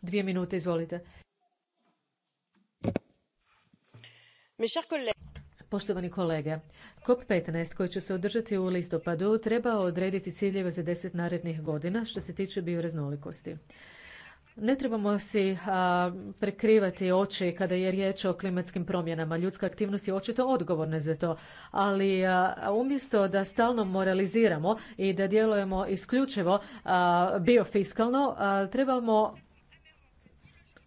dvije minute, izvolite. Poštovani kolege, COP15 koji će se održati u listopadu treba odrediti ciljeve za deset narednih godina što se tiče bioraznolikosti. Ne trebamo si prekrivati oči kada je riječ o klimatskim promjenama. Ljudska aktivnost je očito odgovorna za to, ali umjesto da stalno moraliziramo i da djelujemo isključivo biofiskalno, trebamo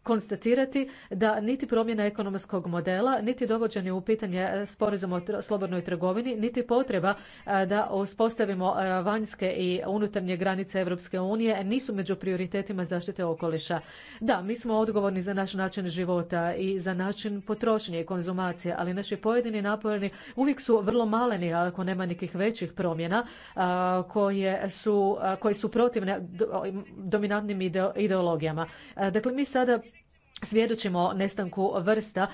konstatirati da niti promjena ekonomskog modela, niti dovođenje u pitanje e, sporazuma o slobodnoj trgovini, niti potreba e, da uspostavimo e, vanjske i unutarnje granice Europske unije nisu među prioritetima zaštite okoliša. Da, mi smo odgovorni za naš način života i za način potrošnje i konzumacije, ali naši pojedini napori uvijek su vrlo maleni, ako nema nekih većih promjena koje su, koje su protivne dominantnim ideologijama. Dakle, mi sada svjedočimo nestanku vrsta,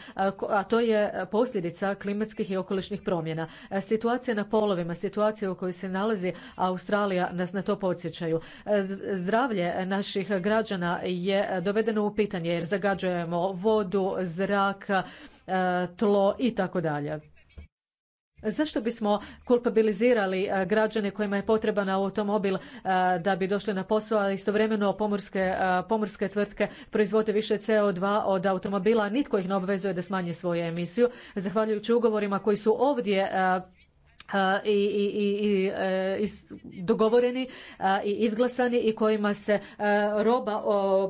a to je posljedica klimatskih i okolišnih promjena. E, situacija na polovima, situacija u kojoj se nalazi Australija nas na to podsjećaju. E, zdravlje naših građana je dovedeno u pitanje jer zagađujemo vodu, zrak, e, tlo i tako dalje. Zašto bismo kulpabilizirali e, građane kojima je potreban automobil e, da bi došli na posao, a istovremeno pomorske, e, pomorske tvrtke proizvode više CO2 od automobila, nitko ih ne obvezuje da smanje svoju emisiju. Zahvaljujući ugovorima koji su ovdje i, i, i e, dogovoreni i izglasani i kojima se e, roba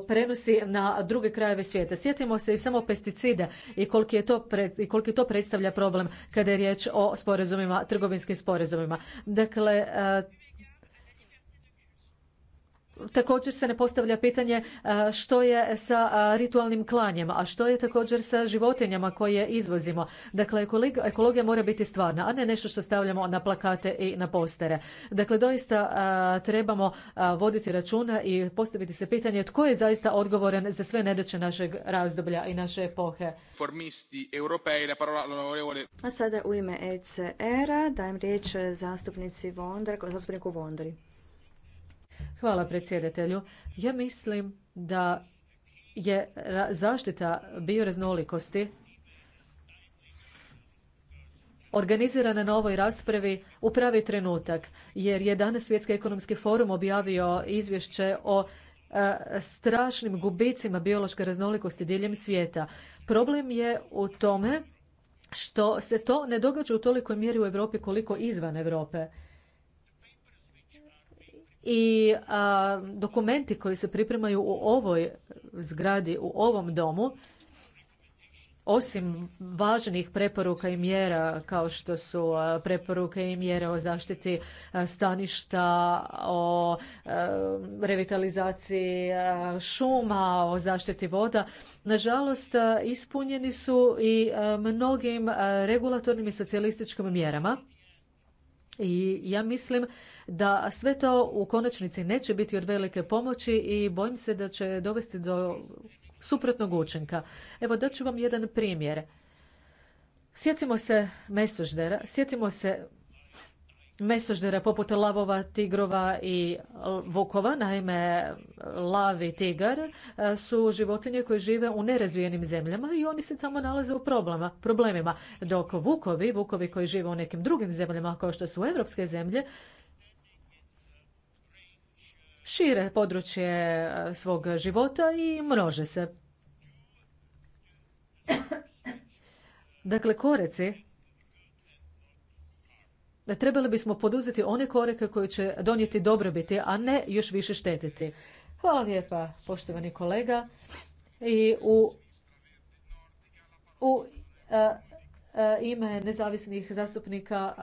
prenosi na druge krajeve svijeta. Sjetimo se i samo pesticida i koliki je to, koliki to predstavlja problem kada je riječ o sporazumima, trgovinskim sporazumima. Dakle, također se ne postavlja pitanje e, što je sa e, ritualnim klanjem, a što je također sa životinjama koje izvozimo. Dakle, ekologija mora biti stvarna, a ne nešto što stavljamo na plakate i na postere. Dakle, doista e, trebamo voditi računa i postaviti se pitanje tko je zaista odgovoran za sve nedeće našeg razdoblja i naše epohe. A sada u ime ECR-a dajem riječ zastupnici Vondar, zastupniku vondri. Hvala predsjedatelju. Ja mislim da je zaštita bioraznolikosti organizirana na ovoj raspravi u pravi trenutak, jer je danas Svjetski ekonomski forum objavio izvješće o e, strašnim gubicima biološke raznolikosti diljem svijeta. Problem je u tome što se to ne događa u tolikoj mjeri u Europi koliko izvan Europe i a, dokumenti koji se pripremaju u ovoj zgradi, u ovom domu, osim važnih preporuka i mjera kao što su preporuke i mjere o zaštiti staništa, o revitalizaciji šuma, o zaštiti voda, nažalost ispunjeni su i mnogim regulatornim i socijalističkim mjerama i ja mislim da sve to u konačnici neće biti od velike pomoći i bojim se da će dovesti do suprotnog učinka. Evo dat vam jedan primjer. Sjetimo se Mesoždera, sjetimo se mesoždere poput lavova, tigrova i vukova, naime lavi i tigar, e, su životinje koje žive u nerazvijenim zemljama i oni se tamo nalaze u problema, problemima. Dok vukovi, vukovi koji žive u nekim drugim zemljama kao što su evropske zemlje, šire područje e, svog života i množe se. Dakle, koreci trebali bismo poduzeti one korake koje će donijeti dobrobiti, a ne još više štetiti. Hvala lijepa, poštovani kolega. I u, u ime nezavisnih zastupnika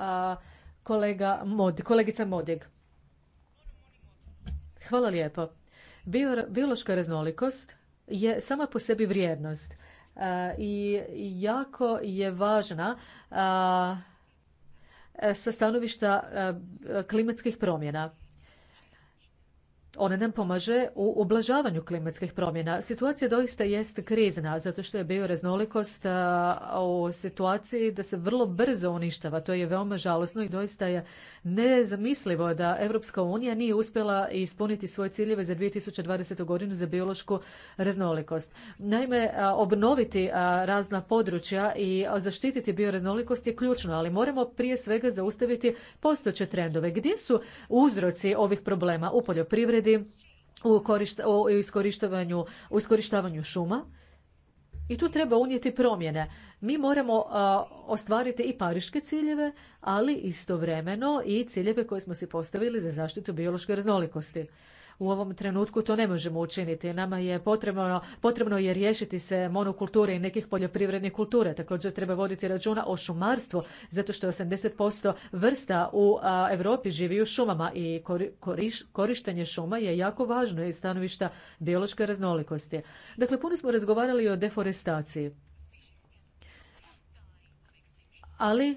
kolega Mod, kolegica Modig. Hvala lijepo. biološka raznolikost je sama po sebi vrijednost i jako je važna sa stanovišta eh, klimatskih promjena. Ona nam pomaže u ublažavanju klimatskih promjena. Situacija doista jest krizna, zato što je bioraznolikost u situaciji da se vrlo brzo uništava. To je veoma žalosno i doista je nezamislivo da Europska unija nije uspjela ispuniti svoje ciljeve za 2020. godinu za biološku raznolikost. Naime, obnoviti razna područja i zaštititi bioraznolikost je ključno, ali moramo prije svega zaustaviti postojeće trendove. Gdje su uzroci ovih problema u poljoprivredi, u, korišta, iskorištavanju, šuma. I tu treba unijeti promjene. Mi moramo ostvariti i pariške ciljeve, ali istovremeno i ciljeve koje smo si postavili za zaštitu biološke raznolikosti. U ovom trenutku to ne možemo učiniti. Nama je potrebno, potrebno je riješiti se monokulture i nekih poljoprivrednih kultura. Također treba voditi računa o šumarstvu, zato što 80% vrsta u Europi živi u šumama i koriš, korištenje šuma je jako važno iz stanovišta biološke raznolikosti. Dakle, puno smo razgovarali o deforestaciji. Ali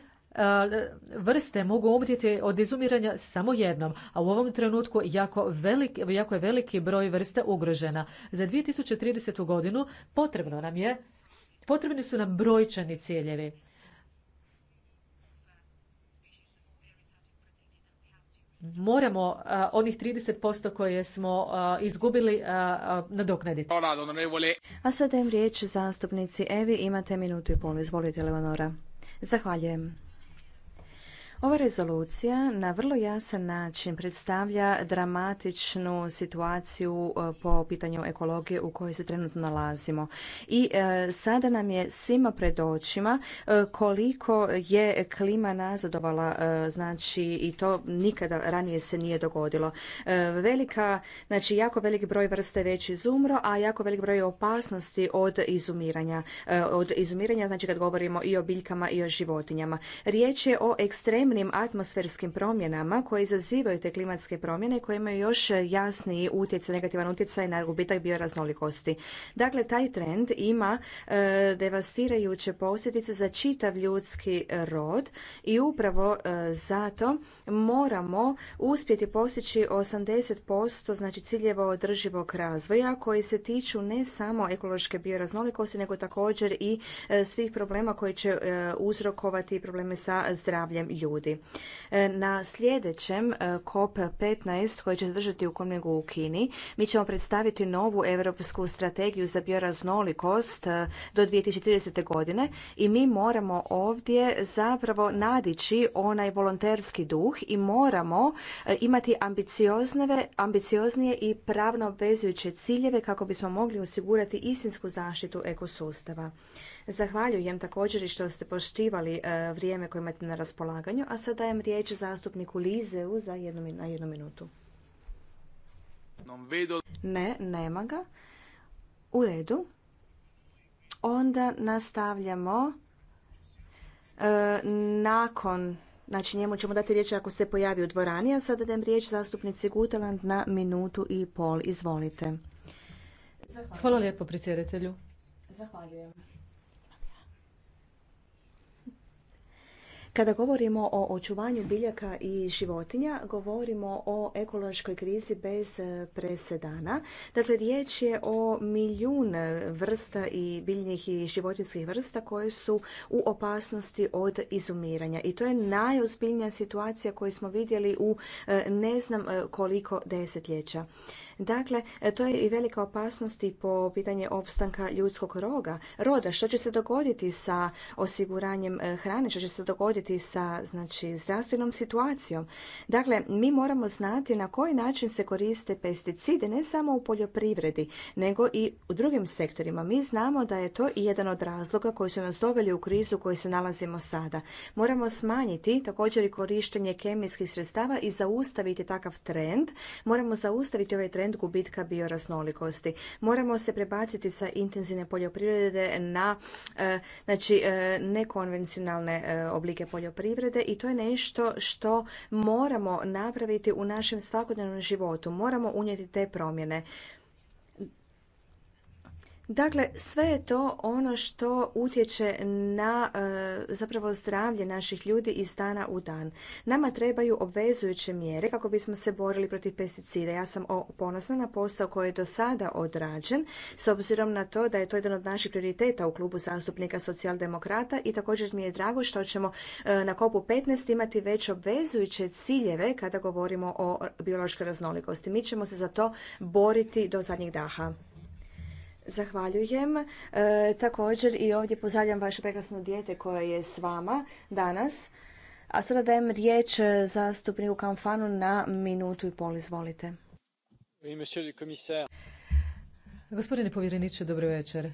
vrste mogu umrijeti od izumiranja samo jednom, a u ovom trenutku jako, jako je veliki broj vrsta ugrožena. Za 2030. godinu potrebno nam je, potrebni su nam brojčani ciljevi. moramo onih onih 30% koje smo izgubili nadoknaditi. A sada im riječ zastupnici Evi, imate minutu i pol, izvolite Leonora. Zahvaljujem. Ova rezolucija na vrlo jasan način predstavlja dramatičnu situaciju e, po pitanju ekologije u kojoj se trenutno nalazimo. I e, sada nam je svima pred očima e, koliko je klima nazadovala, znači i to nikada ranije se nije dogodilo. Velika, znači jako velik broj vrste već izumro, a jako velik broj opasnosti od izumiranja. Od izumiranja, znači kad govorimo i o biljkama i o životinjama. Riječ je o ekstremnim ekstremnim atmosferskim promjenama koje izazivaju te klimatske promjene koje imaju još jasniji utjecaj, negativan utjecaj na gubitak bioraznolikosti. Dakle, taj trend ima e, devastirajuće posljedice za čitav ljudski rod i upravo e, zato moramo uspjeti postići 80% znači ciljeva održivog razvoja koji se tiču ne samo ekološke bioraznolikosti nego također i e, svih problema koji će e, uzrokovati probleme sa zdravljem ljudi. E, na sljedećem e, COP15 koji će se držati u Komnegu u Kini, mi ćemo predstaviti novu europsku strategiju za bioraznolikost e, do 2030. godine i mi moramo ovdje zapravo nadići onaj volonterski duh i moramo imati ambicioznije i pravno obvezujuće ciljeve kako bismo mogli osigurati istinsku zaštitu ekosustava. Zahvaljujem također i što ste poštivali e, vrijeme koje imate na raspolaganju, a sada dajem riječ zastupniku Lizeu za jednu, na jednu minutu. Ne, nema ga. U redu. Onda nastavljamo e, nakon, znači njemu ćemo dati riječ ako se pojavi u dvorani, a sada dajem riječ zastupnici Guteland na minutu i pol. Izvolite. Hvala lijepo predsjedatelju. Zahvaljujem. Kada govorimo o očuvanju biljaka i životinja, govorimo o ekološkoj krizi bez e, presedana. Dakle, riječ je o milijun vrsta i biljnih i životinjskih vrsta koje su u opasnosti od izumiranja. I to je najozbiljnija situacija koju smo vidjeli u e, ne znam e, koliko desetljeća. Dakle, e, to je i velika opasnost i po pitanje opstanka ljudskog roga, roda. Što će se dogoditi sa osiguranjem e, hrane, što će se dogoditi sa znači, zdravstvenom situacijom. Dakle, mi moramo znati na koji način se koriste pesticide, ne samo u poljoprivredi, nego i u drugim sektorima. Mi znamo da je to i jedan od razloga koji su nas doveli u krizu u kojoj se nalazimo sada. Moramo smanjiti također i korištenje kemijskih sredstava i zaustaviti takav trend. Moramo zaustaviti ovaj trend trend gubitka bioraznolikosti. Moramo se prebaciti sa intenzivne poljoprivrede na e, znači, e, nekonvencionalne e, oblike poljoprivrede i to je nešto što moramo napraviti u našem svakodnevnom životu. Moramo unijeti te promjene. Dakle, sve je to ono što utječe na e, zapravo zdravlje naših ljudi iz dana u dan. Nama trebaju obvezujuće mjere kako bismo se borili protiv pesticida. Ja sam ponosna na posao koji je do sada odrađen, s obzirom na to da je to jedan od naših prioriteta u klubu zastupnika socijaldemokrata i također mi je drago što ćemo e, na kopu 15 imati već obvezujuće ciljeve kada govorimo o biološkoj raznolikosti. Mi ćemo se za to boriti do zadnjeg daha. Zahvaljujem. E, također i ovdje pozdravljam vaše prekrasno dijete koje je s vama danas. A sada dajem riječ zastupniku Kamfanu na minutu i pol. Izvolite. Gospodine povjereniče, dobro večer.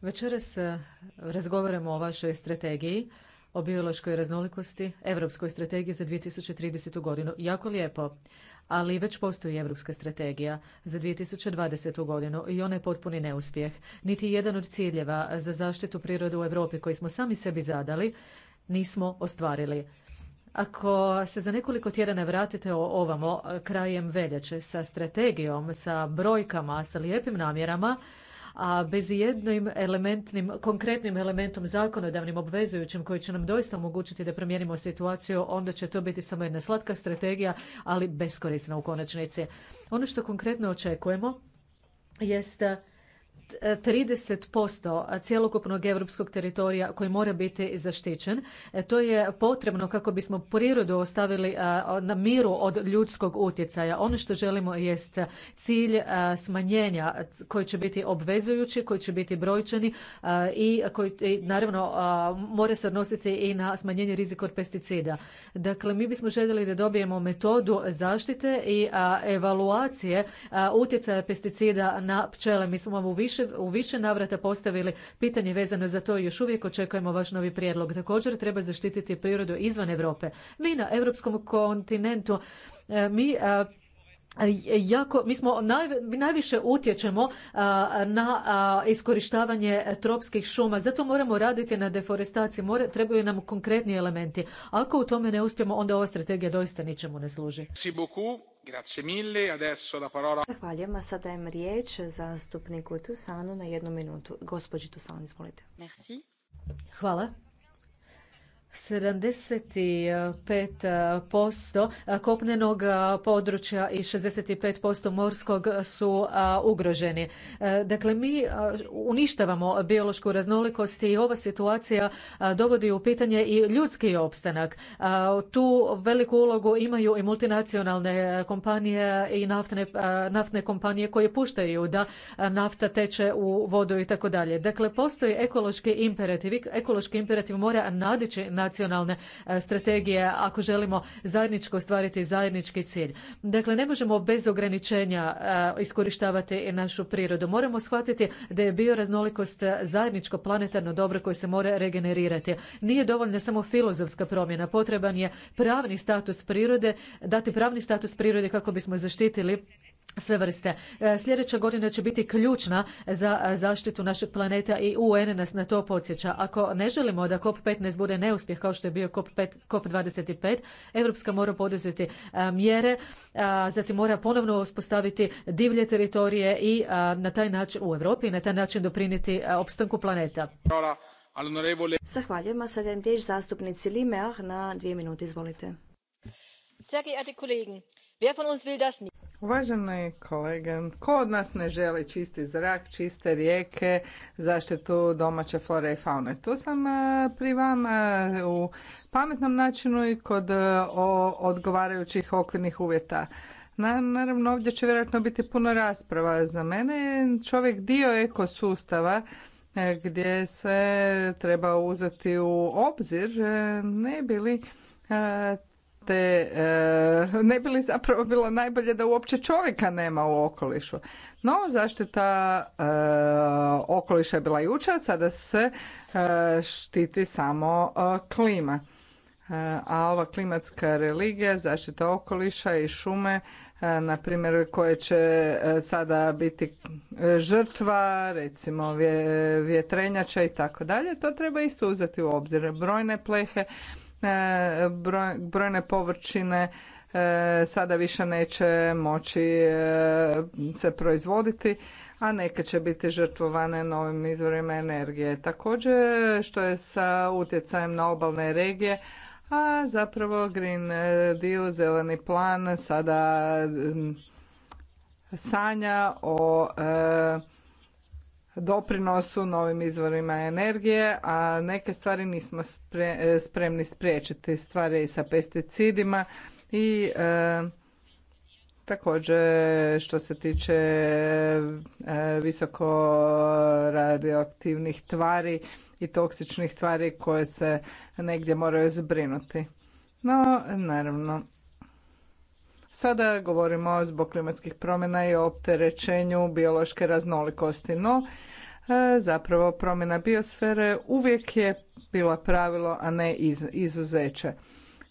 Večeras e, razgovaramo o vašoj strategiji o biološkoj raznolikosti, Europskoj strategiji za 2030. godinu. Jako lijepo ali već postoji Europska strategija za 2020. godinu i ona je potpuni neuspjeh. Niti jedan od ciljeva za zaštitu prirode u Europi koji smo sami sebi zadali nismo ostvarili. Ako se za nekoliko tjedana vratite ovamo eh, krajem veljače sa strategijom, sa brojkama, sa lijepim namjerama, a bez jednim elementnim, konkretnim elementom zakonodavnim obvezujućim koji će nam doista omogućiti da promijenimo situaciju, onda će to biti samo jedna slatka strategija, ali beskorisna u konačnici. Ono što konkretno očekujemo jest 30% cjelokupnog europskog teritorija koji mora biti zaštićen. E, to je potrebno kako bismo prirodu ostavili e, na miru od ljudskog utjecaja. Ono što želimo jest cilj e, smanjenja koji će biti obvezujući, koji će biti brojčani i koji naravno mora se odnositi i na smanjenje rizika od pesticida. Dakle, mi bismo željeli da dobijemo metodu zaštite i evaluacije utjecaja pesticida na pčele. Mi smo u više u više navrata postavili pitanje vezano za to i još uvijek očekujemo vaš novi prijedlog. Također treba zaštititi prirodu izvan Europe. Mi na europskom kontinentu e, mi jako, mi smo naj, najviše utječemo na a, iskorištavanje tropskih šuma, zato moramo raditi na deforestaciji, More, trebaju nam konkretni elementi. Ako u tome ne uspijemo, onda ova strategija doista ničemu ne služi. Zahvaljujem, a sada dajem riječ zastupniku Tusanu na jednu minutu. Gospođi Tusan, izvolite. Merci. Hvala. 75% kopnenog područja i 65% morskog su ugroženi. E, dakle, mi uništavamo biološku raznolikost i ova situacija dovodi u pitanje i ljudski opstanak. Tu veliku ulogu imaju i multinacionalne kompanije i naftne, naftne kompanije koje puštaju da nafta teče u vodu i tako dalje. Dakle, postoji ekološki imperativ. Ekološki imperativ mora nadići nacionalne e, strategije ako želimo zajedničko ostvariti zajednički cilj. Dakle, ne možemo bez ograničenja e, iskorištavati našu prirodu. Moramo shvatiti da je bioraznolikost zajedničko planetarno dobro koje se mora regenerirati. Nije dovoljna samo filozofska promjena, potreban je pravni status prirode, dati pravni status prirode kako bismo zaštitili sve vrste. E, sljedeća godina će biti ključna za zaštitu našeg planeta i UN nas na to podsjeća. Ako ne želimo da COP15 bude neuspjeh kao što je bio COP25, Evropska mora poduzeti e, mjere, e, zatim mora ponovno uspostaviti divlje teritorije i na taj način u Europi i na taj način doprinijeti opstanku planeta. Zahvaljujem, a zastupnici Limeah na dvije minute, izvolite. Sehr geehrte wer von uns will Uvaženi kolege, ko od nas ne želi čisti zrak, čiste rijeke, zaštitu domaće flore i faune? Tu sam e, pri vama e, u pametnom načinu i kod e, odgovarajućih okvirnih uvjeta. Naravno, ovdje će vjerojatno biti puno rasprava. Za mene čovjek dio ekosustava gdje se treba uzeti u obzir ne bili te eh, ne bi li zapravo bilo najbolje da uopće čovjeka nema u okolišu. No, zaštita eh, okoliša je bila jučer, sada se eh, štiti samo klima. A ova klimatska religija, zaštita okoliša i šume, na primjer koje će sada biti žrtva, recimo vjetrenjača i tako dalje, to treba isto uzeti u obzir. Brojne plehe E, brojne površine e, sada više neće moći e, se proizvoditi, a neke će biti žrtvovane novim izvorima energije. Također što je sa utjecajem na obalne regije, a zapravo Green Deal, zeleni plan sada sanja o doprinosu novim izvorima energije, a neke stvari nismo spremni spriječiti. Stvari sa pesticidima i e, također što se tiče e, visoko radioaktivnih tvari i toksičnih tvari koje se negdje moraju zbrinuti. No, naravno, Sada govorimo zbog klimatskih promjena i opterećenju biološke raznolikosti, no e, zapravo promjena biosfere uvijek je bila pravilo, a ne izuzeće.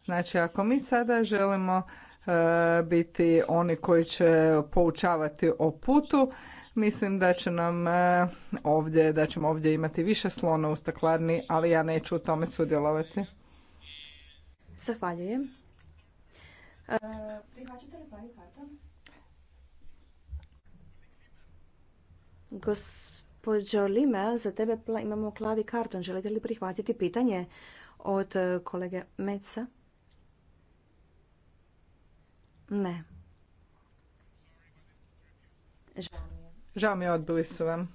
Znači, ako mi sada želimo e, biti oni koji će poučavati o putu, mislim da će nam e, ovdje, da ćemo ovdje imati više slona u staklarni, ali ja neću u tome sudjelovati. Zahvaljujem. Prihvaćate li Gospođo za tebe imamo klavi karton. Želite li prihvatiti pitanje od e, kolege Meca? Ne. Žao mi je. Žao mi je, odbili su vam.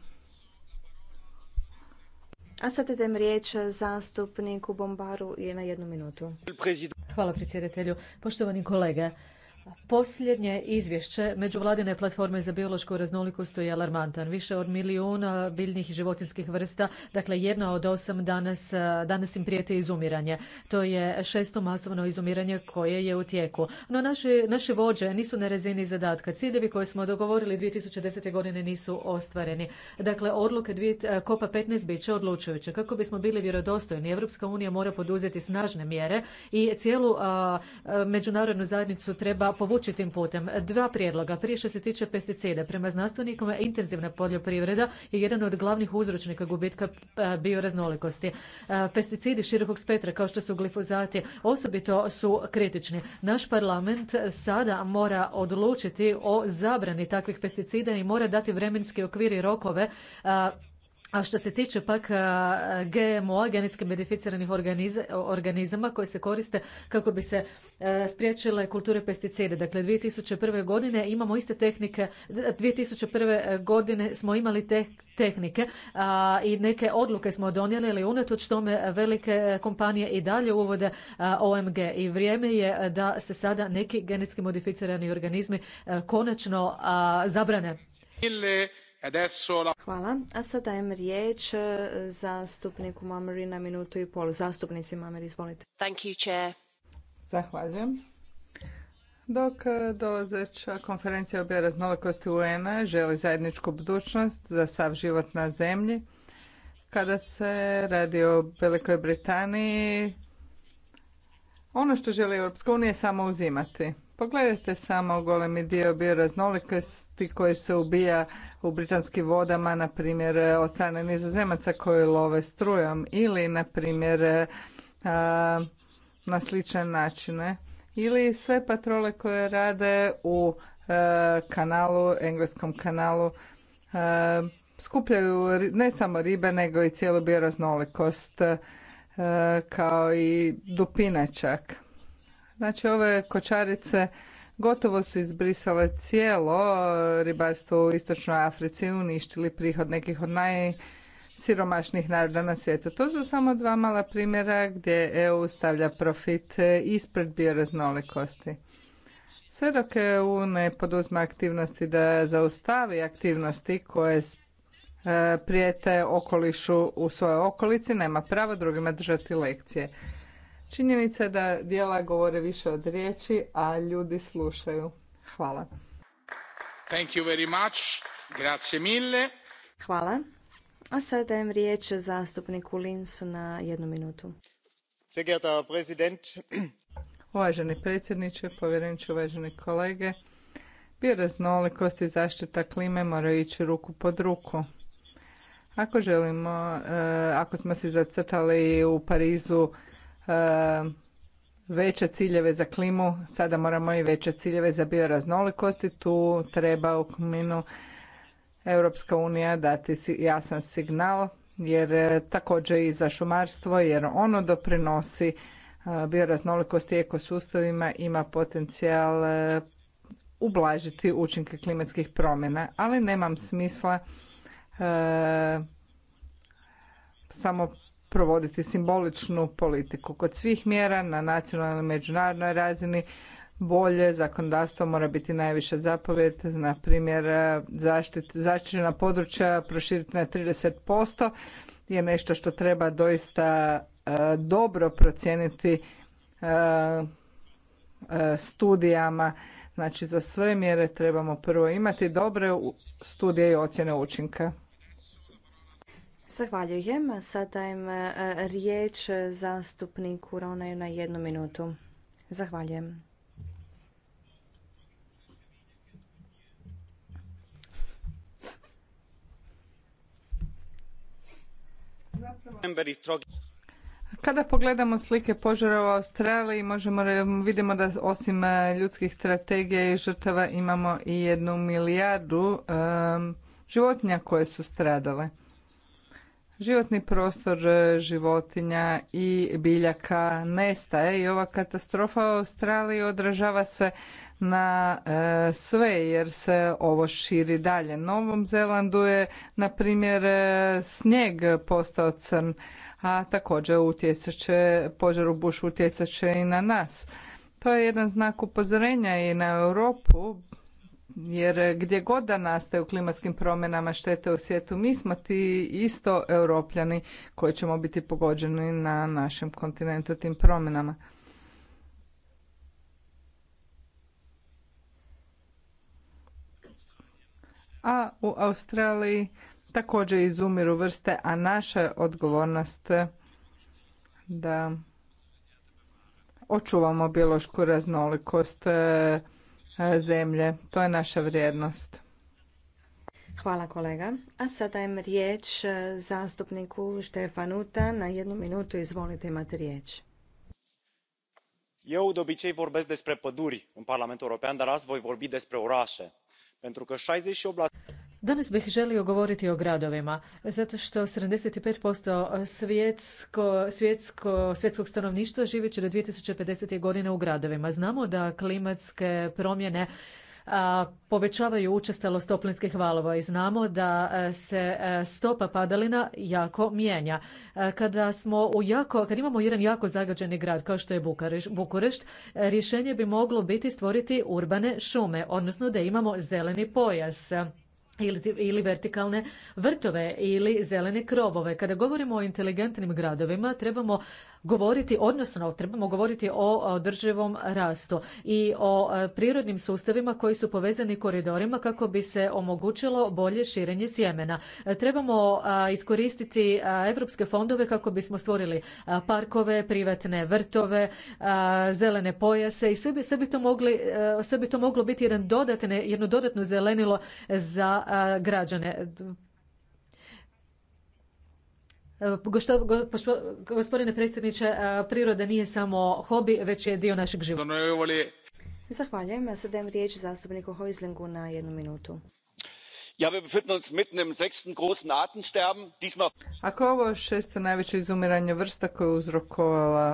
A sad idem riječ zastupniku Bombaru je na jednu minutu. Hvala predsjedatelju. Poštovani kolege, Posljednje izvješće Međuvladine platforme za biološku raznolikost je alarmantan. Više od milijuna biljnih i životinskih vrsta, dakle jedna od osam danas, danas im prijeti izumiranje. To je šesto masovno izumiranje koje je u tijeku. No naši, naše vođe nisu na razini zadatka. Ciljevi koje smo dogovorili 2010. godine nisu ostvareni. Dakle, odluke kopa 15 bit će odlučujuće. Kako bismo bili vjerodostojni, europska unija mora poduzeti snažne mjere i cijelu međunarodnu zajednicu treba povući tim putem. Dva prijedloga. Prije što se tiče pesticida. Prema znanstvenikama intenzivna poljoprivreda je jedan od glavnih uzročnika gubitka e, bioraznolikosti. E, pesticidi širokog spektra kao što su glifozati osobito su kritični. Naš parlament sada mora odlučiti o zabrani takvih pesticida i mora dati vremenski okvir i rokove e, a što se tiče pak GMO-a, genetski modificiranih organizama koji se koriste kako bi se e, spriječile kulture pesticide. Dakle, 2001. godine imamo iste tehnike, 2001. godine smo imali te tehnike a, i neke odluke smo donijeli, ali unatoč tome velike kompanije i dalje uvode OMG i vrijeme je da se sada neki genetski modificirani organizmi e, konačno zabrane. Hvala. A sada dajem riječ e, zastupniku na minutu i pol. Zastupnici Mameri, izvolite. Thank you, chair. Zahvaljujem. Dok e, dolazeća konferencija o bioraznolikosti UN-a želi zajedničku budućnost za sav život na zemlji, kada se radi o Velikoj Britaniji, ono što želi Europska unija samo uzimati. Pogledajte samo golemi dio bioraznolikosti koji se ubija u britanskim vodama, na primjer od strane nizozemaca koji love strujom ili na primjer na sličan načine ili sve patrole koje rade u e, kanalu, engleskom kanalu e, skupljaju ne samo ribe nego i cijelu bioraznolikost e, kao i dupine čak. Znači ove kočarice Gotovo su izbrisale cijelo e, ribarstvo u Istočnoj Africi i uništili prihod nekih od najsiromašnijih naroda na svijetu. To su samo dva mala primjera gdje EU stavlja profit e, ispred bioraznolikosti. Sve dok EU ne poduzme aktivnosti da zaustavi aktivnosti koje e, prijete okolišu u svojoj okolici, nema pravo drugima držati lekcije. Činjenica je da dijela govore više od riječi, a ljudi slušaju. Hvala. Thank you very much. Grazie mille. Hvala. A sada dajem riječ zastupniku Linsu na jednu minutu. Uvaženi predsjedniče, povjereniče, uvaženi kolege, bioraznolikost i zaštita klime moraju ići ruku pod ruku. Ako želimo, eh, ako smo si zacrtali u Parizu E, veće ciljeve za klimu, sada moramo i veće ciljeve za bioraznolikost i tu treba u Kminu Europska unija dati jasan signal jer e, također i za šumarstvo jer ono doprinosi e, bioraznolikosti i ekosustavima ima potencijal ublažiti učinke klimatskih promjena, ali nemam smisla samo provoditi simboličnu politiku. Kod svih mjera na nacionalnoj i međunarodnoj razini bolje zakonodavstvo mora biti najviše zapovjed, na primjer zaštićena područja proširiti na 30% je nešto što treba doista e, dobro procijeniti e, e, studijama. Znači za sve mjere trebamo prvo imati dobre studije i ocjene učinka. Zahvaljujem. Sada dajem e, riječ zastupniku Ronaju na jednu minutu. Zahvaljujem. Kada pogledamo slike požara u Australiji, možemo, vidimo da osim e, ljudskih strategija i žrtava imamo i jednu milijardu e, životinja koje su stradale životni prostor e, životinja i biljaka nestaje i ova katastrofa u Australiji odražava se na e, sve jer se ovo širi dalje. Novom Zelandu je na primjer e, snijeg postao crn, a također utjecat će, požar u bušu utjecat i na nas. To je jedan znak upozorenja i na Europu jer e, gdje god da nastaju klimatskim promjenama štete u svijetu, mi smo ti isto europljani koji ćemo biti pogođeni na našem kontinentu tim promjenama. A u Australiji također izumiru vrste, a naša je odgovornost da očuvamo biološku raznolikost, e, zemlje. To je naša vrijednost. Hvala kolega. A sada dajem riječ e, zastupniku Ștefanuta. Na jednu minutu izvolite imati riječ. Eu de obicei vorbesc despre păduri în Parlamentul European, dar azi voi vorbi despre orașe. Pentru că 68... Danas bih želio govoriti o gradovima, zato što 75% svjetsko, svjetsko, svjetskog stanovništva živi će do 2050. godine u gradovima. Znamo da klimatske promjene povećavaju učestalost toplinskih valova i znamo da se stopa padalina jako mijenja. Kada smo u jako, kad imamo jedan jako zagađeni grad kao što je Bukurešt, rješenje bi moglo biti stvoriti urbane šume, odnosno da imamo zeleni pojas ili vertikalne vrtove ili zelene krovove. Kada govorimo o inteligentnim gradovima trebamo govoriti, odnosno trebamo govoriti o održivom rastu i o e, prirodnim sustavima koji su povezani koridorima kako bi se omogućilo bolje širenje sjemena. E, trebamo iskoristiti europske fondove kako bismo stvorili parkove, privatne vrtove, zelene pojase i sve bi, to, mogli, e, sve bi to moglo biti jedan dodatne, jedno dodatno zelenilo za građane gospodine predsjedniče, priroda nije samo hobi, već je dio našeg života. Zahvaljujem. Ja dajem riječ zastupniku Hojzlingu na jednu minutu. Ja, wir befinden uns mitten im sechsten großen Artensterben. Diesmal... Ako ovo šesto najveće izumiranje vrsta koje je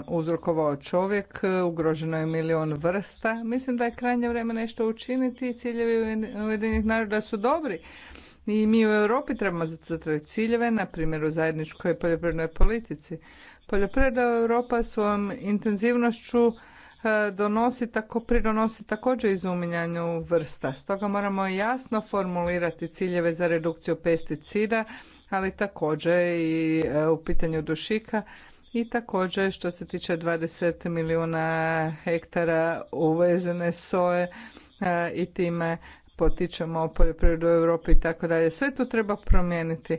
uzrokovao čovjek, ugroženo je milion vrsta, mislim da je krajnje vrijeme nešto učiniti i ciljevi Ujedinjenih naroda su dobri i mi u Europi trebamo zacrtati ciljeve, na primjer u zajedničkoj poljoprivrednoj politici. Poljoprivreda Europa svojom intenzivnošću e, donosi tako, pridonosi također izuminjanju vrsta. Stoga moramo jasno formulirati ciljeve za redukciju pesticida, ali također i e, u pitanju dušika i također što se tiče 20 milijuna hektara uvezene soje e, i time potičemo poljoprivredu u Europi i tako dalje. Sve to treba promijeniti.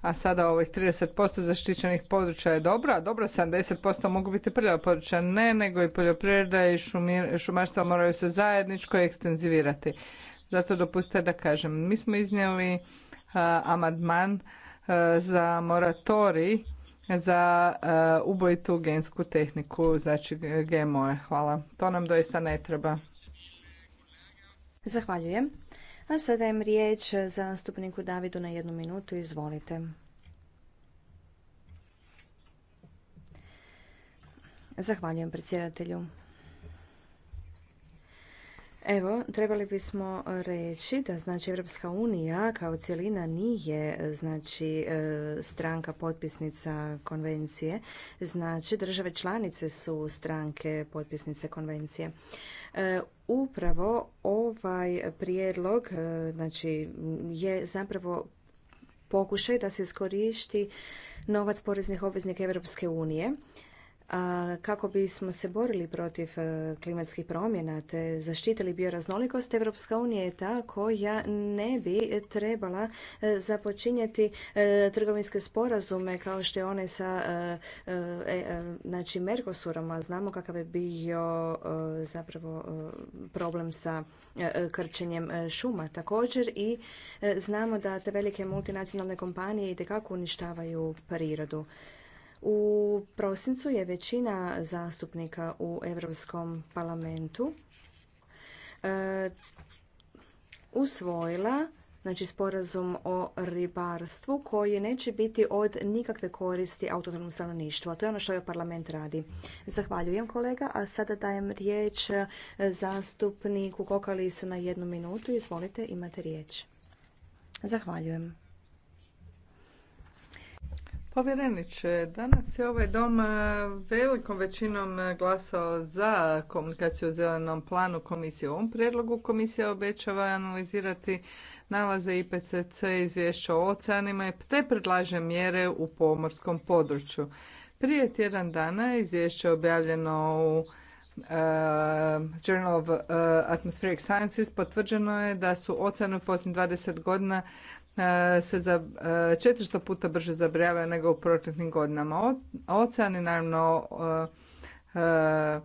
A sada ovih 30% zaštićenih područja je dobro, a dobro 70% mogu biti prljava područja. Ne, nego i poljoprivreda i šumarstva moraju se zajedničko ekstenzivirati. Zato dopustite da kažem. Mi smo iznijeli amandman za moratorij za e, ubojitu gensku tehniku, znači gmo -e. Hvala. To nam doista ne treba. Zahvaljujem. A sada im riječ za nastupniku Davidu na jednu minutu. Izvolite. Zahvaljujem predsjedatelju. Evo, trebali bismo reći da znači Europska unija kao cjelina nije znači e, stranka potpisnica konvencije, znači države članice su stranke potpisnice konvencije. E, upravo ovaj prijedlog e, znači je zapravo pokušaj da se iskoristi novac poreznih obveznika Europske unije a kako bismo se borili protiv e, klimatskih promjena te zaštitili bioraznolikost, Evropska unija je ta koja ne bi trebala e, započinjati e, trgovinske sporazume kao što je one sa znači, Mercosurom, a znamo kakav je bio zapravo problem sa krčenjem šuma. Također i znamo da te velike multinacionalne kompanije itekako uništavaju prirodu. U prosincu je većina zastupnika u Europskom parlamentu e, usvojila znači sporazum o ribarstvu koji neće biti od nikakve koristi autonomnom stanovništvu. A to je ono što je ovaj parlament radi. Zahvaljujem kolega, a sada dajem riječ zastupniku Kokalisu na jednu minutu. Izvolite, imate riječ. Zahvaljujem. Povjereniče, danas je ovaj dom e, velikom većinom e, glasao za komunikaciju o zelenom planu komisije. U ovom predlogu komisija obećava analizirati nalaze IPCC izvješća o oceanima te predlaže mjere u pomorskom području. Prije tjedan dana izvješće objavljeno u e, Journal of Atmospheric Sciences potvrđeno je da su oceani u posljednjih 20 godina E, se za 400 e, puta brže zabrijavaju nego u proteklim godinama. Oceani naravno e,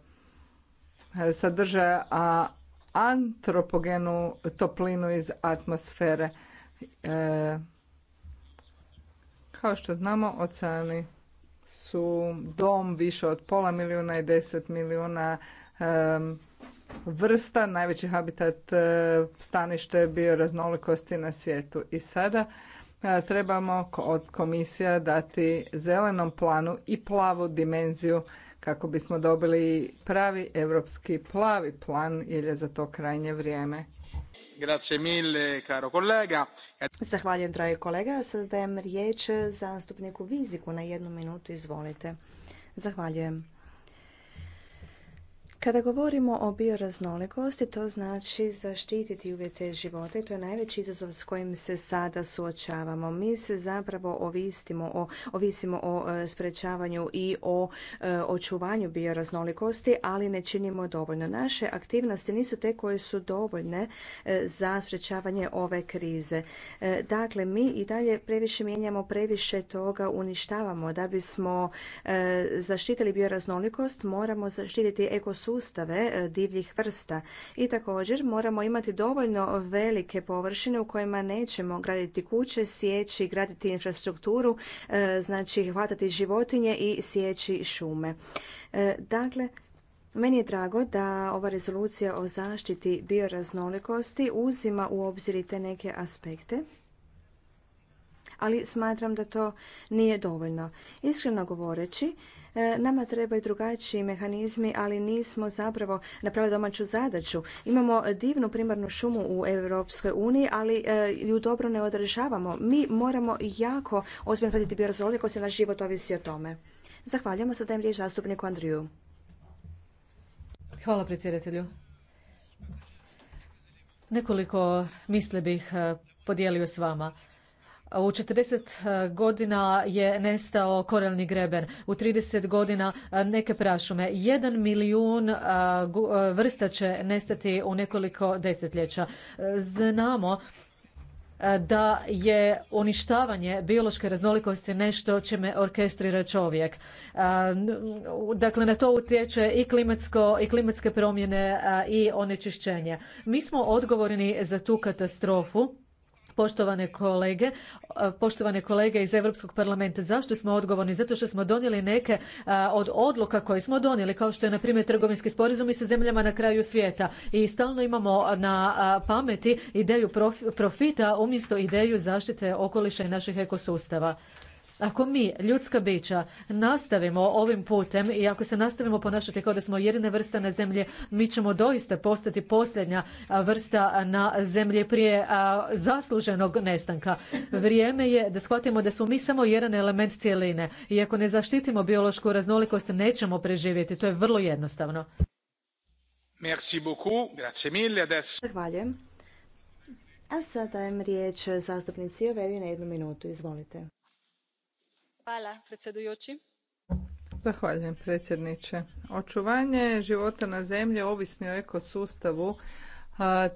sadrže antropogenu toplinu iz atmosfere. Kao što znamo, oceani su dom više od pola milijuna i deset milijuna vrsta, najveći habitat e, stanište bioraznolikosti na svijetu. I sada e, trebamo od komisija dati zelenom planu i plavu dimenziju kako bismo dobili pravi europski plavi plan jer je za to krajnje vrijeme. Zahvaljujem, dragi kolega. Sada dajem riječ zastupniku Viziku na jednu minutu. Izvolite. Zahvaljujem. Kada govorimo o bioraznolikosti, to znači zaštititi uvjete života i to je najveći izazov s kojim se sada suočavamo. Mi se zapravo ovisimo o, ovisimo o e, sprečavanju i o e, očuvanju bioraznolikosti, ali ne činimo dovoljno. Naše aktivnosti nisu te koje su dovoljne e, za sprečavanje ove krize. Dakle, mi i dalje previše mijenjamo, previše toga uništavamo. Da bismo zaštitili bioraznolikost, moramo zaštititi ekosustav Ustave e, divljih vrsta. I također moramo imati dovoljno velike površine u kojima nećemo graditi kuće, sjeći, graditi infrastrukturu, e, znači hvatati životinje i sjeći šume. E, dakle, meni je drago da ova rezolucija o zaštiti bioraznolikosti uzima u obzir i te neke aspekte, ali smatram da to nije dovoljno. Iskreno govoreći, E, nama trebaju drugačiji mehanizmi, ali nismo zapravo napravili domaću zadaću. Imamo divnu primarnu šumu u Europskoj uniji, ali e, ju dobro ne održavamo. Mi moramo jako ozbiljno hvatiti biorazoli koji se naš život ovisi o tome. Zahvaljujemo se dajem riječ zastupniku Andriju. Hvala predsjedatelju. Nekoliko misle bih e, podijelio s vama. U 40 e, godina je nestao koralni greben, u 30 godina e, neke prašume. Jedan milijun e, vrsta će nestati u nekoliko desetljeća. Znamo da je uništavanje biološke raznolikosti nešto čime orkestrira čovjek. Dakle, na to utječe i klimatsko i klimatske promjene i onečišćenje. Mi smo odgovorni za tu katastrofu Poštovane kolege, poštovane kolege iz Europskog parlamenta, zašto smo odgovorni? Zato što smo donijeli neke od odluka koje smo donijeli, kao što je na primjer trgovinski sporazum i sa zemljama na kraju svijeta. I stalno imamo na pameti ideju profita umjesto ideju zaštite okoliša i naših ekosustava. Ako mi, ljudska bića, nastavimo ovim putem i ako se nastavimo ponašati kao da smo jedine vrsta na zemlji, mi ćemo doista postati posljednja vrsta na zemlji prije zasluženog nestanka. Vrijeme je da shvatimo da smo mi samo jedan element cijeline i ako ne zaštitimo biološku raznolikost nećemo preživjeti. To je vrlo jednostavno. Merci A sada dajem riječ zastupnici Jovevi na jednu minutu. Izvolite. Hvala, predsjedujući. Zahvaljujem predsjedniče. Očuvanje života na zemlji ovisni o ekosustavu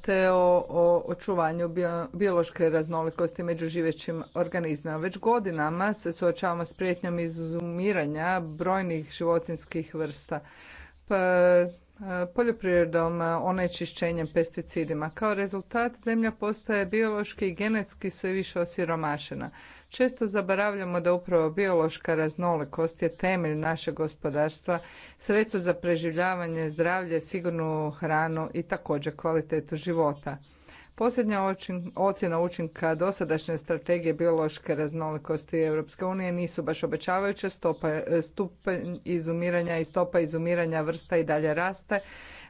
te o, očuvanju biološke raznolikosti među živećim organizmima. Već godinama se suočavamo s prijetnjom izumiranja brojnih životinskih vrsta. Pa, poljoprivredom, onečišćenjem pesticidima. Kao rezultat zemlja postaje biološki i genetski sve više osiromašena. Često zaboravljamo da upravo biološka raznolikost je temelj našeg gospodarstva, sredstvo za preživljavanje, zdravlje, sigurnu hranu i također kvalitetu života. Posljednja ocjena učinka dosadašnje strategije biološke raznolikosti Europske unije nisu baš obećavajuće, stopa izumiranja i stopa izumiranja vrsta i dalje raste.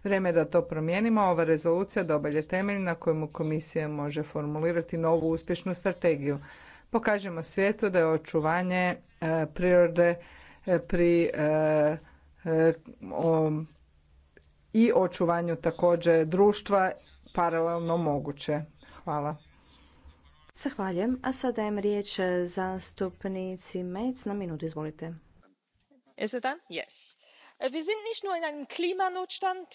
Vrijeme da to promijenimo. Ova rezolucija dobar je temelj na kojemu komisija može formulirati novu uspješnu strategiju pokažemo svijetu da je očuvanje e, prirode e, pri e, i očuvanju također društva paralelno moguće. Hvala. Zahvaljujem. A sada dajem riječ zastupnici Mec na minutu. Izvolite. Is it Yes. Äh, wir sind nicht nur in einem Klimanotstand.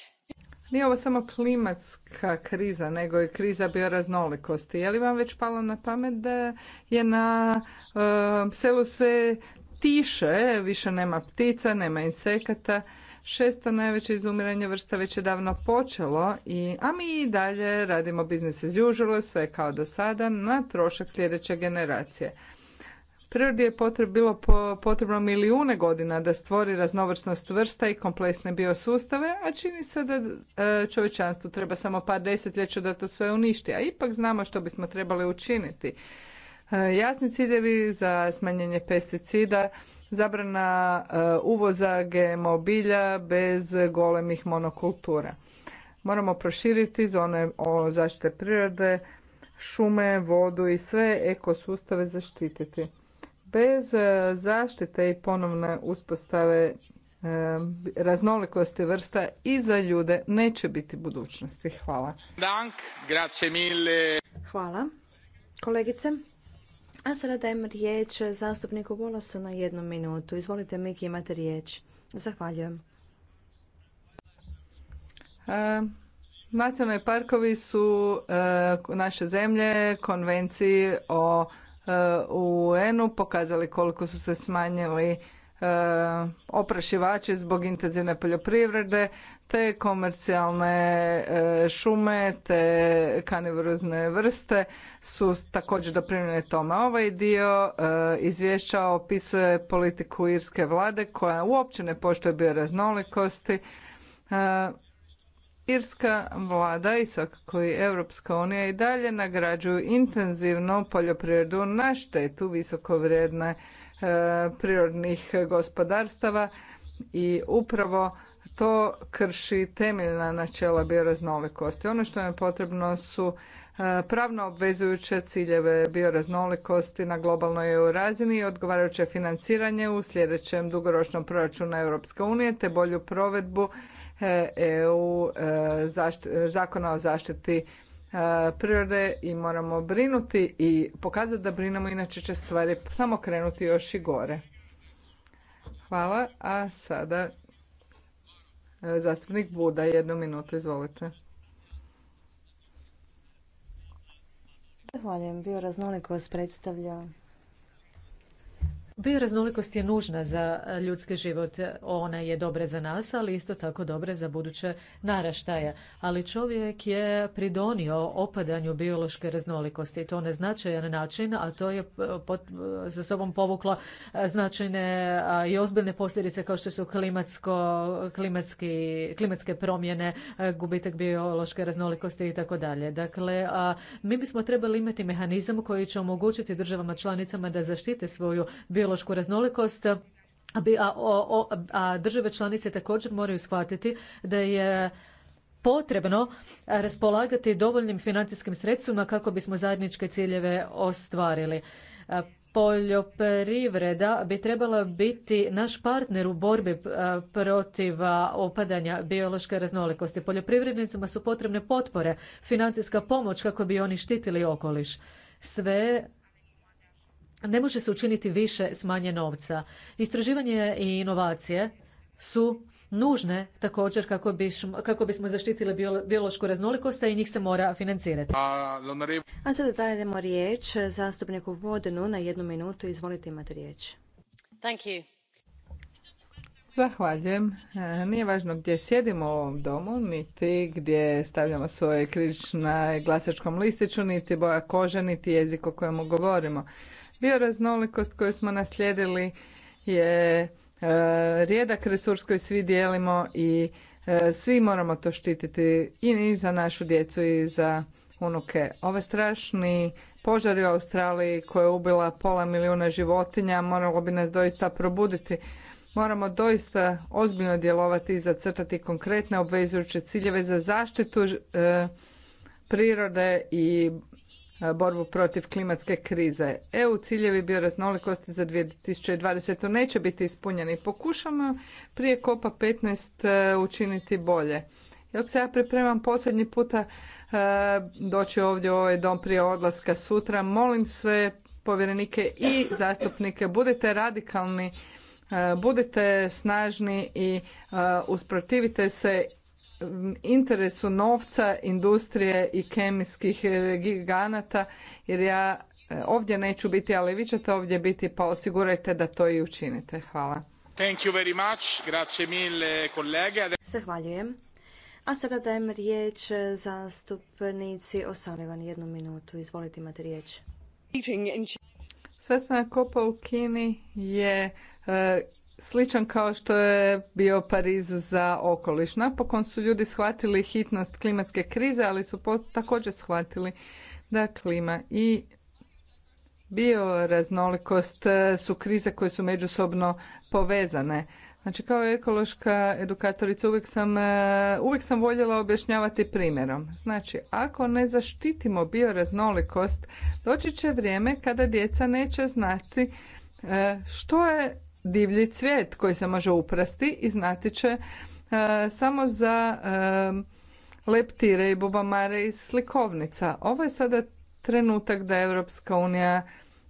Nije ovo samo klimatska kriza, nego i kriza bioraznolikosti. Je li vam već palo na pamet da je na um, selu sve tiše, više nema ptica, nema insekata. Šesto najveće izumiranje vrsta već je davno počelo, i, a mi i dalje radimo biznis as usual, sve kao do sada, na trošak sljedeće generacije. Prirodi je bilo potrebno milijune godina da stvori raznovrsnost vrsta i kompleksne biosustave, a čini se da e, čovječanstvu treba samo par desetljeća da to sve uništi, a ipak znamo što bismo trebali učiniti. E, jasni ciljevi za smanjenje pesticida, zabrana e, uvoza GMO bilja bez golemih monokultura. Moramo proširiti zone o zaštite prirode, šume, vodu i sve ekosustave zaštititi bez e, zaštite i ponovne uspostave e, raznolikosti vrsta i za ljude neće biti budućnosti. Hvala. Hvala. Kolegice, a sada dajem riječ zastupniku Volasu na jednu minutu. Izvolite, Miki, imate riječ. Zahvaljujem. E, nacionalni parkovi su naše zemlje konvenciji o u UN-u pokazali koliko su se smanjili e, oprašivači zbog intenzivne poljoprivrede, te komercijalne e, šume, te kanivorozne vrste su također doprinijele tome. Ovaj dio e, izvješća opisuje politiku irske vlade koja uopće ne poštuje bioraznolikosti Irska vlada i svakako i Europska unija i dalje nagrađuju intenzivno poljoprivredu na štetu visokovredne e, prirodnih gospodarstava i upravo to krši temeljna načela bioraznolikosti. Ono što nam je potrebno su e, pravno obvezujuće ciljeve bioraznolikosti na globalnoj EU razini i odgovarajuće financiranje u sljedećem dugoročnom proračunu Europske unije te bolju provedbu E, EU e, zakona o zaštiti e, prirode i moramo brinuti i pokazati da brinemo, inače će stvari samo krenuti još i gore. Hvala, a sada zastupnik Buda, jednu minutu, izvolite. Zahvaljujem, bioraznolikost predstavlja Bioraznolikost je nužna za eh, ljudski život. Ona je dobra za nas, ali isto tako dobra za buduće naraštaje. Ali čovjek je pridonio opadanju biološke raznolikosti. To znači na značajan način, a to je sa eh, eh, za sobom povuklo značajne i ozbiljne posljedice kao što su klimatsko, klimatski, klimatske promjene, gubitak biološke raznolikosti i tako dalje. Dakle, mi bismo trebali imati mehanizam koji će omogućiti državama članicama da zaštite svoju biološku biološku raznolikost, a države članice također moraju shvatiti da je potrebno raspolagati dovoljnim financijskim sredstvima kako bismo zajedničke ciljeve ostvarili. Poljoprivreda bi trebala biti naš partner u borbi protiv opadanja biološke raznolikosti. Poljoprivrednicima su potrebne potpore, financijska pomoć kako bi oni štitili okoliš. Sve ne može se učiniti više s manje novca. Istraživanje i inovacije su nužne također kako, bi, kako bismo zaštitili biološku raznolikost, i njih se mora financirati. A sada dajemo riječ zastupniku Vodenu na jednu minutu. Izvolite imati riječ. Thank you. Zahvaljujem. E, nije važno gdje sjedimo u ovom domu, niti gdje stavljamo svoje križ na glasačkom listiću, niti boja kože, niti jezik o kojemu govorimo. Bioraznolikost koju smo naslijedili je e, rijedak resurs koji svi dijelimo i e, svi moramo to štititi i za našu djecu i za unuke. Ove ovaj strašni požari u Australiji koja je ubila pola milijuna životinja moralo bi nas doista probuditi. Moramo doista ozbiljno djelovati i zacrtati konkretne obvezujuće ciljeve za zaštitu e, prirode i E, borbu protiv klimatske krize. EU ciljevi bioraznolikosti za 2020. neće biti ispunjeni. Pokušamo prije kopa 15 e, učiniti bolje. Dok se ja pripremam posljednji puta e, doći ovdje u ovaj dom prije odlaska sutra, molim sve povjerenike i zastupnike, budite radikalni, budite snažni i usprotivite se interesu novca, industrije i kemijskih e, giganata jer ja e, ovdje neću biti, ali vi ćete ovdje biti pa osigurajte da to i učinite. Hvala. Thank you very much. Grazie mille, Zahvaljujem. A sada dajem riječ zastupnici Osanivan. Jednu minutu. Izvolite, imate riječ. Sastanak Kopa u Kini je e, sličan kao što je bio Pariz za okoliš. Napokon su ljudi shvatili hitnost klimatske krize, ali su također shvatili da klima i bioraznolikost e, su krize koje su međusobno povezane. Znači kao ekološka edukatorica uvijek sam, e, uvijek sam voljela objašnjavati primjerom. Znači ako ne zaštitimo bioraznolikost doći će vrijeme kada djeca neće znati e, što je divlji cvijet koji se može uprasti i znati će e, samo za e, leptire i bubamare iz slikovnica. Ovo je sada trenutak da Europska unija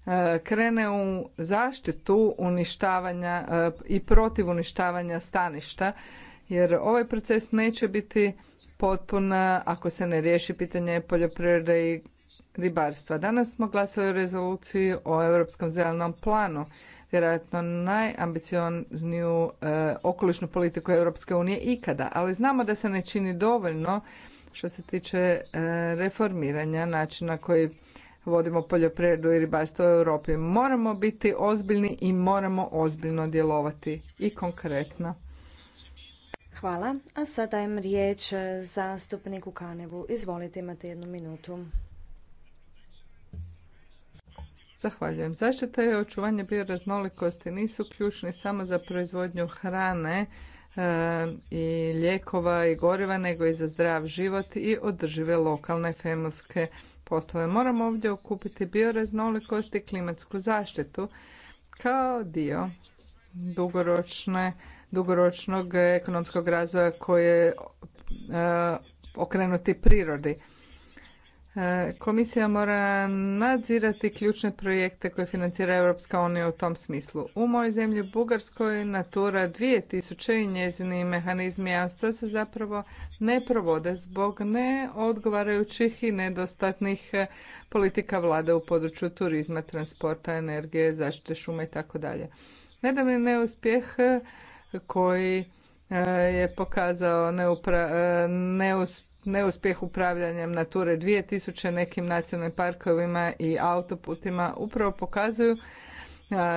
e, krene u zaštitu uništavanja i protiv uništavanja staništa jer ovaj proces neće biti potpuna ako se ne riješi pitanje poljoprivrede i ribarstva. Danas smo glasali o rezoluciji o Europskom zelenom planu vjerojatno najambiciozniju e, okolišnu politiku Europske unije ikada, ali znamo da se ne čini dovoljno što se tiče e, reformiranja načina koji vodimo poljoprivredu i ribarstvo u Europi. Moramo biti ozbiljni i moramo ozbiljno djelovati i konkretno. Hvala. A sada dajem riječ zastupniku Kanevu. Izvolite, imate jednu minutu. Zahvaljujem. Zaštita i očuvanje bioraznolikosti nisu ključni samo za proizvodnju hrane e, i lijekova i goriva, nego i za zdrav život i održive lokalne femorske poslove. Moramo ovdje okupiti bioraznolikost i klimatsku zaštitu kao dio dugoročne, dugoročnog ekonomskog razvoja koje je e, okrenuti prirodi. Komisija mora nadzirati ključne projekte koje financira Europska unija u tom smislu. U mojoj zemlji Bugarskoj Natura 2000 i njezini mehanizmi jamstva se zapravo ne provode zbog neodgovarajućih i nedostatnih e, politika vlade u području turizma, transporta, energije, zaštite šuma i tako dalje. Nedavni neuspjeh e, koji e, je pokazao neuspjeh neuspjeh upravljanjem Nature 2000 nekim nacionalnim parkovima i autoputima upravo pokazuju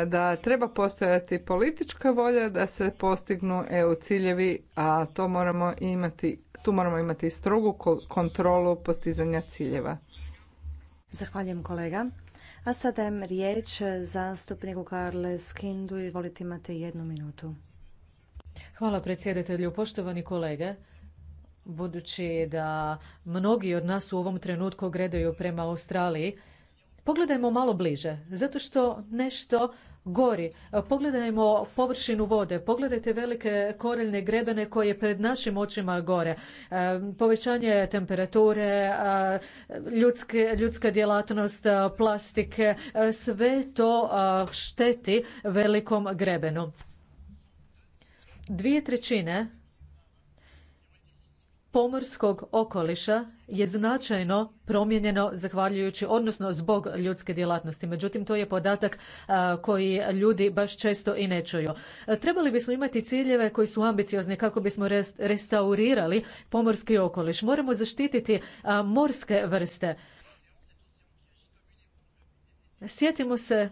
da treba postojati politička volja da se postignu EU ciljevi, a to moramo imati, tu moramo imati strogu kontrolu postizanja ciljeva. Zahvaljujem kolega. A sad dajem riječ zastupniku Karle Skindu i volite imate jednu minutu. Hvala predsjedatelju, poštovani kolege budući da mnogi od nas u ovom trenutku gledaju prema Australiji, pogledajmo malo bliže, zato što nešto gori. Pogledajmo površinu vode, pogledajte velike koreljne grebene koje pred našim očima gore. E, povećanje temperature, e, ljudske, ljudska djelatnost, e, plastike, sve to šteti velikom grebenu. Dvije trećine pomorskog okoliša je značajno promijenjeno zahvaljujući, odnosno zbog ljudske djelatnosti. Međutim, to je podatak koji ljudi baš često i ne čuju. E, trebali bismo imati ciljeve koji su ambiciozni kako bismo restaurirali pomorski okoliš. Moramo zaštititi morske vrste. Sjetimo se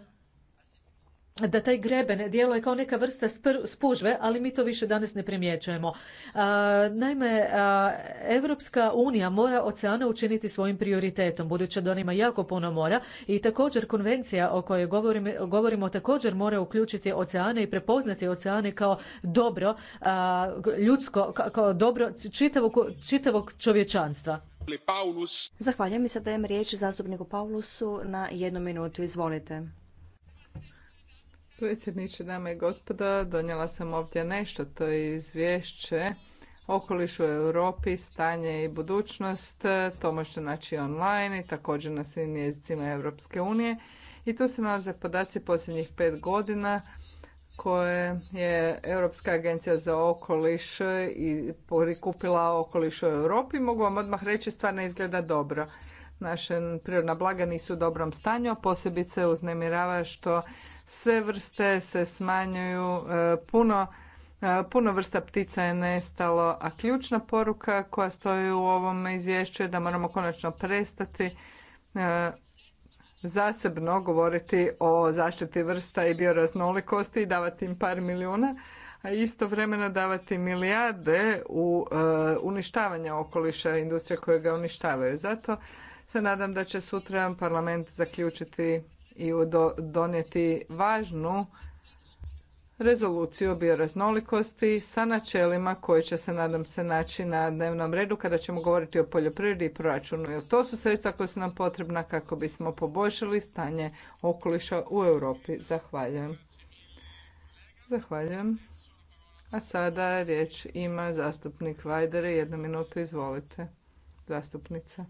da taj greben djeluje kao neka vrsta spužve, ali mi to više danas ne primjećujemo. Naime, Evropska unija mora oceane učiniti svojim prioritetom, budući da on ima jako puno mora i također konvencija o kojoj govorimo, također mora uključiti oceane i prepoznati oceane kao dobro ljudsko, kao dobro čitavog, čovječanstva. Zahvaljujem i sad dajem riječ zastupniku Paulusu na jednu minutu. Izvolite. Predsjedniče, dame i gospoda, donijela sam ovdje nešto, to je izvješće okoliš u Europi, stanje i budućnost, to možete naći online i također na svim jezicima Europske unije. I tu se nalaze podaci posljednjih pet godina koje je Europska agencija za okoliš i prikupila okoliš u Europi. Mogu vam odmah reći, stvarno izgleda dobro. Naše prirodna blaga nisu u dobrom stanju, a posebice uznemirava što sve vrste se smanjuju, e, puno, e, puno vrsta ptica je nestalo, a ključna poruka koja stoji u ovom izvješću je da moramo konačno prestati e, zasebno govoriti o zaštiti vrsta i bioraznolikosti i davati im par milijuna, a istovremeno davati milijarde u uništavanje okoliša industrija koje ga uništavaju. Zato se nadam da će sutra parlament zaključiti i donijeti važnu rezoluciju o bioraznolikosti sa načelima koje će se, nadam se, naći na dnevnom redu kada ćemo govoriti o poljoprivredi i proračunu. Jer to su sredstva koje su nam potrebna kako bismo poboljšali stanje okoliša u Europi. Zahvaljujem. Zahvaljujem. A sada riječ ima zastupnik Vajdere. Jednu minutu izvolite. Zastupnica.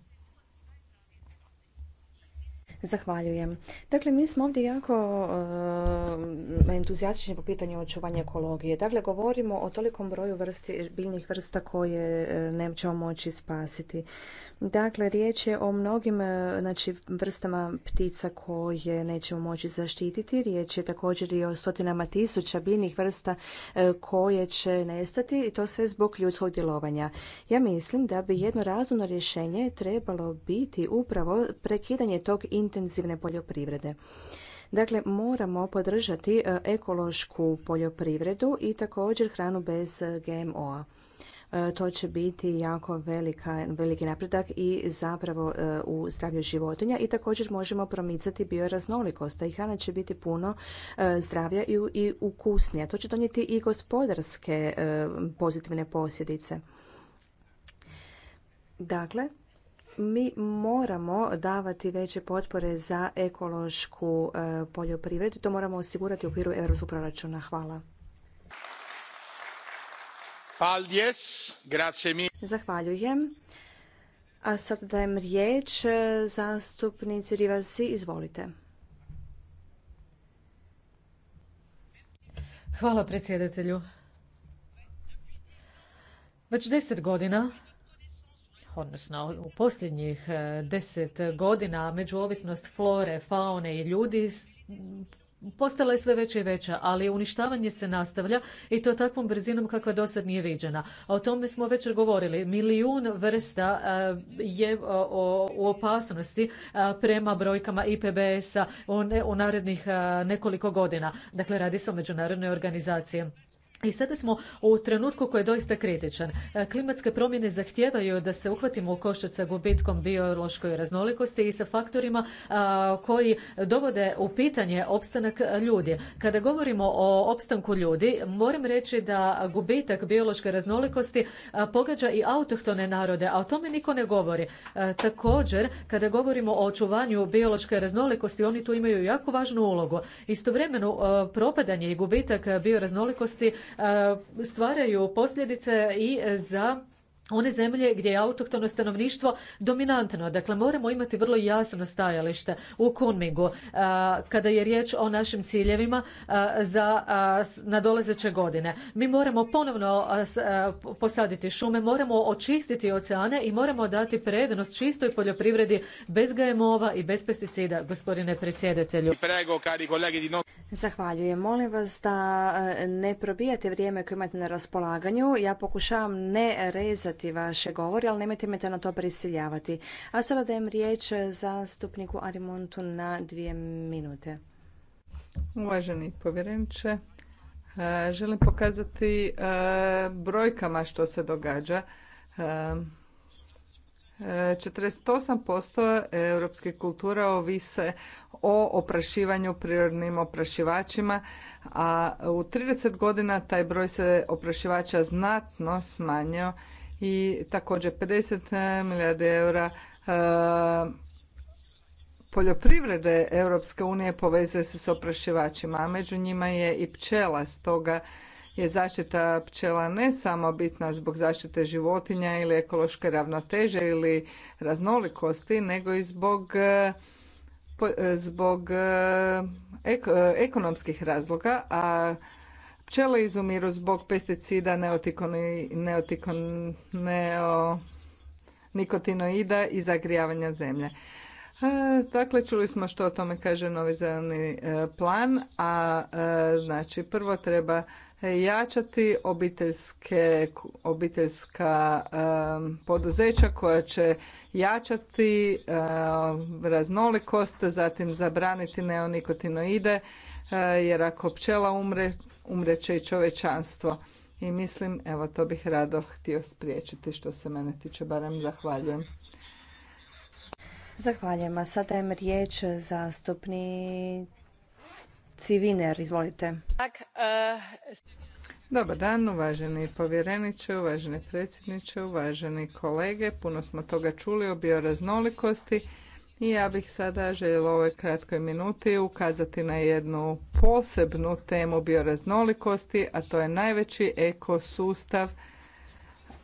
Zahvaljujem. Dakle, mi smo ovdje jako uh, entuzijastični po pitanju očuvanja ekologije. Dakle, govorimo o tolikom broju vrsti, biljnih vrsta koje uh, nećemo moći spasiti. Dakle, riječ je o mnogim e, znači, vrstama ptica koje nećemo moći zaštititi. Riječ je također i o stotinama tisuća biljnih vrsta e, koje će nestati i to sve zbog ljudskog djelovanja. Ja mislim da bi jedno razumno rješenje trebalo biti upravo prekidanje tog intenzivne poljoprivrede. Dakle, moramo podržati e, ekološku poljoprivredu i također hranu bez GMO-a. E, to će biti jako veliki napredak i zapravo e, u zdravlju životinja i također možemo promicati bioraznolikost, i hrana će biti puno e, zdravlja i ukusnija. To će donijeti i gospodarske pozitivne posljedice. Dakle, mi moramo davati veće potpore za ekološku poljoprivredu. To moramo osigurati u okviru europskog proračuna. Hvala. Zahvaljujem. A sad dajem riječ e, zastupnici Rivasi, izvolite. Hvala predsjedatelju. Već deset godina, odnosno u posljednjih e, deset godina, međuovisnost flore, faune i ljudi postala je sve veća i veća, ali uništavanje se nastavlja i to takvom brzinom kakva do sad nije viđena. O tome smo već govorili. Milijun vrsta e, je u opasnosti e, prema brojkama IPBS-a u narednih e, nekoliko godina. Dakle, radi se o međunarodnoj organizaciji. I sada smo u trenutku koji je doista kritičan. E, klimatske promjene zahtijevaju da se uhvatimo u koštac sa gubitkom biološkoj raznolikosti i sa faktorima koji dovode u pitanje opstanak ljudi. Kada govorimo o opstanku ljudi, moram reći da gubitak biološke raznolikosti pogađa i autohtone narode, a o tome niko ne govori. E, također, kada govorimo o očuvanju biološke raznolikosti, oni tu imaju jako važnu ulogu. Istovremeno, e, propadanje i gubitak bioraznolikosti stvaraju posljedice i za one zemlje gdje je autohtono stanovništvo dominantno. Dakle, moramo imati vrlo jasno stajalište u Kunmingu kada je riječ o našim ciljevima za nadolazeće godine. Mi moramo ponovno posaditi šume, moramo očistiti oceane i moramo dati prednost čistoj poljoprivredi bez gmo i bez pesticida, gospodine predsjedatelju. Zahvaljujem. Molim vas da ne probijate vrijeme koje imate na raspolaganju. Ja pokušavam ne rezati slušati vaše govore, ali nemojte me na to prisiljavati. A sada dajem riječ zastupniku Arimontu na dvije minute. Uvaženi povjereniče, e, želim pokazati e, brojkama što se događa. 48% e, europske kulture ovise o oprašivanju prirodnim oprašivačima, a u 30 godina taj broj se oprašivača znatno smanjio i također 50 milijardi eura e, poljoprivrede Europske unije povezuje se s oprašivačima, a među njima je i pčela, stoga je zaštita pčela ne samo bitna zbog zaštite životinja ili ekološke ravnoteže ili raznolikosti, nego i zbog e, e, zbog ekonomskih razloga, a pčele izumiru zbog pesticida, neonikotinoida nikotinoida i zagrijavanja zemlje. E, dakle, čuli smo što o tome kaže novi zeleni e, plan, a e, znači prvo treba jačati obiteljske, obiteljska e, poduzeća koja će jačati raznolikost, zatim zabraniti neonikotinoide, jer ako pčela umre, umreće i čovečanstvo. I mislim, evo to bih rado htio spriječiti što se mene tiče, barem zahvaljujem. Zahvaljujem, a sada je riječ zastupni Civiner, izvolite. Eh, Dobar dan, uvaženi povjereniče, uvaženi predsjedniče, uvaženi kolege. Puno smo toga čuli o bioraznolikosti i ja bih sada željela u ovoj kratkoj minuti ukazati na jednu posebnu temu bioraznolikosti, a to je najveći ekosustav,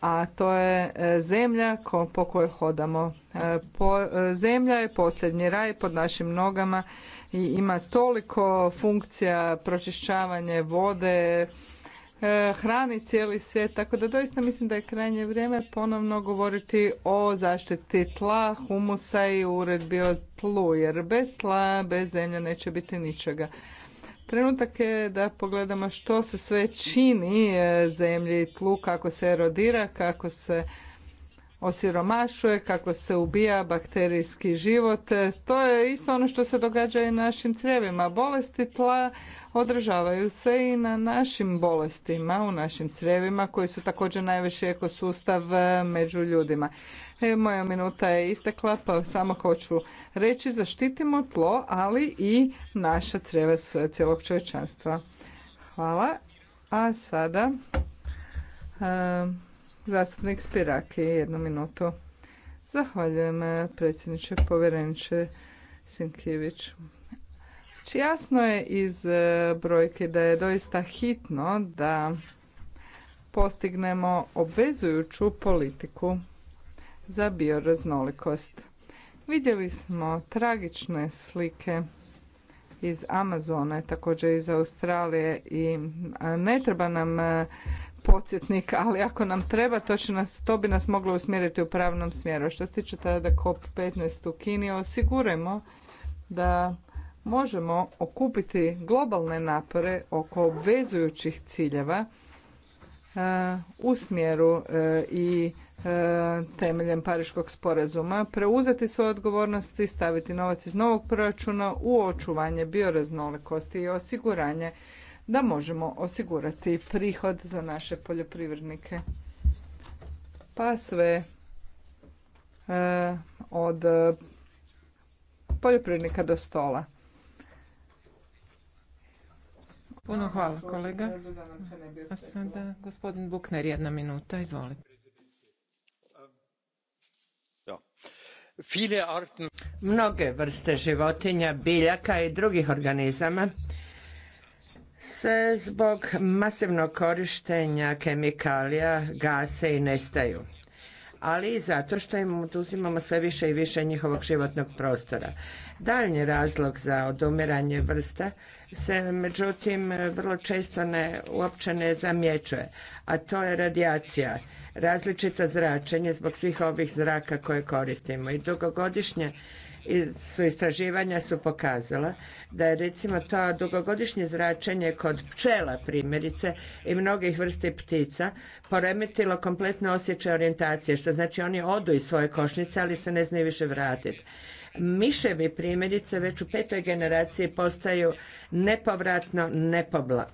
a to je e, zemlja po kojoj hodamo. E, e, zemlja je posljednji raj pod našim nogama i ima toliko funkcija pročišćavanje vode, E, hrani cijeli svijet, tako da doista mislim da je krajnje vrijeme ponovno govoriti o zaštiti tla, humusa i uredbi o tlu, jer bez tla, bez zemlje neće biti ničega. Trenutak je da pogledamo što se sve čini e, zemlji i tlu, kako se erodira, kako se osiromašuje, kako se ubija bakterijski život. To je isto ono što se događa i našim crijevima. Bolesti tla održavaju se i na našim bolestima, u našim crijevima, koji su također najveći ekosustav e, među ljudima. E, moja minuta je istekla, pa samo hoću reći zaštitimo tlo, ali i naša crijeva s cijelog čovječanstva. Hvala. A sada... E, Zastupnik Spiraki, jednu minutu. Zahvaljujem eh, predsjedniče povjereniče Sinkivić. Znači, jasno je iz eh, brojke da je doista hitno da postignemo obvezujuću politiku za bioraznolikost. Vidjeli smo tragične slike iz Amazone, također iz Australije i eh, ne treba nam podsjetnik, ali ako nam treba, to, će nas, to bi nas moglo usmjeriti u pravnom smjeru. Što se tiče tada COP15 u Kini, osigurajmo da možemo okupiti globalne napore oko obvezujućih ciljeva e, u smjeru e, i e, temeljem Pariškog sporazuma, preuzeti svoje odgovornosti, staviti novac iz novog proračuna u očuvanje bioraznolikosti i osiguranje da možemo osigurati prihod za naše poljoprivrednike. Pa sve e, od poljoprivrednika do stola. Puno hvala kolega. gospodin Bukner jedna minuta, izvolite. Mnoge vrste životinja, biljaka i drugih organizama zbog masivnog korištenja kemikalija gase i nestaju ali i zato što im oduzimamo sve više i više njihovog životnog prostora. Daljnji razlog za odumiranje vrsta se međutim vrlo često ne, uopće ne zamjećuje, a to je radijacija, različito zračenje zbog svih ovih zraka koje koristimo i dugogodišnje su istraživanja su pokazala da je recimo to dugogodišnje zračenje kod pčela primjerice i mnogih vrsti ptica poremetilo kompletno osjećaj orijentacije, što znači oni odu iz svoje košnice, ali se ne znaju više vratiti. Miševi primjerice već u petoj generaciji postaju nepovratno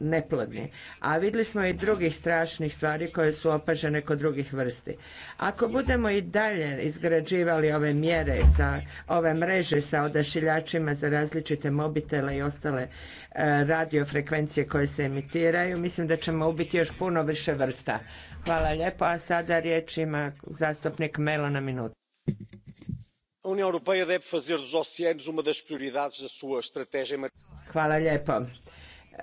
neplodni. A vidjeli smo i drugih strašnih stvari koje su opažene kod drugih vrsti. Ako budemo i dalje izgrađivali ove mjere, sa, ove mreže sa odašiljačima za različite mobitele i ostale e, radiofrekvencije koje se emitiraju, mislim da ćemo ubiti još puno više vrsta. Hvala lijepo, a sada riječ ima zastupnik Melo na minutu. Hvala lijepo.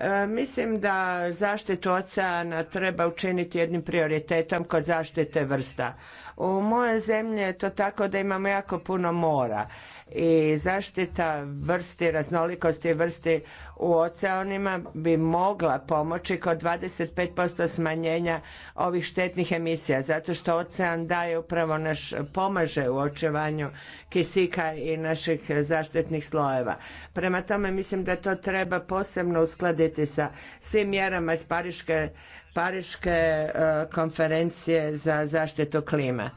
E, mislim da zaštitu oceana treba učiniti jednim prioritetom kod zaštite vrsta. U mojoj zemlji je to tako da imamo jako puno mora i zaštita vrsti, raznolikosti vrsti u oceanima bi mogla pomoći kod 25% smanjenja ovih štetnih emisija, zato što ocean daje upravo naš, pomaže u očevanju kisika i naših zaštitnih slojeva. Prema tome mislim da to treba posebno uskladiti sa svim mjerama iz Pariške Pariške e, konferencije za zaštitu klima.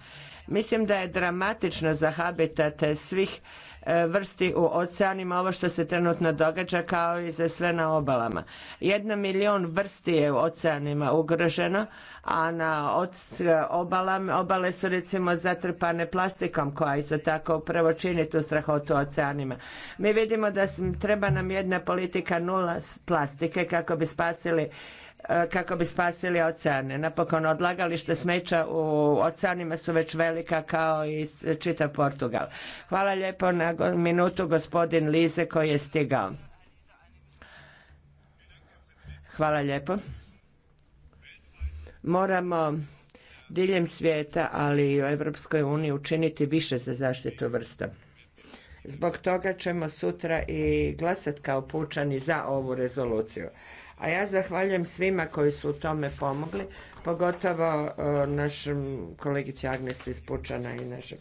Mislim da je dramatično za habitate svih e, vrsti u oceanima ovo što se trenutno događa kao i za sve na obalama. Jedna milion vrsti je u oceanima ugroženo, a na e, obale su recimo zatrpane plastikom koja isto tako upravo čini tu strahotu oceanima. Mi vidimo da treba nam jedna politika nula plastike kako bi spasili E, kako bi spasili oceane. Napokon odlagalište smeća u oceanima su već velika kao i čitav Portugal. Hvala lijepo na minutu gospodin Lize koji je stigao. Hvala lijepo. Moramo diljem svijeta, ali i u Europskoj uniji učiniti više za zaštitu vrsta. Zbog toga ćemo sutra i glasati kao pučani za ovu rezoluciju. A ja zahvaljujem svima koji su u tome pomogli, pogotovo e, našem kolegici Agnes iz Pučana i našem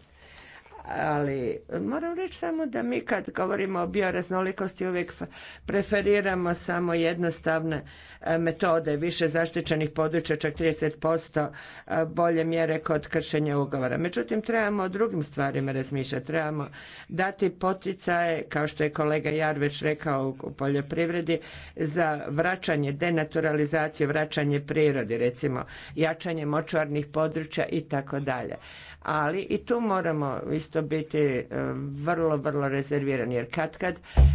ali moram reći samo da mi kad govorimo o bioraznolikosti uvijek preferiramo samo jednostavne e, metode, više zaštićenih područja, čak 30% e, bolje mjere kod kršenja ugovora. Međutim, trebamo o drugim stvarima razmišljati, trebamo dati poticaje, kao što je kolega Jar već rekao u poljoprivredi, za vraćanje, denaturalizaciju, vraćanje prirodi, recimo jačanje močvarnih područja i tako dalje ali i tu moramo isto biti e, vrlo, vrlo rezervirani jer kad kad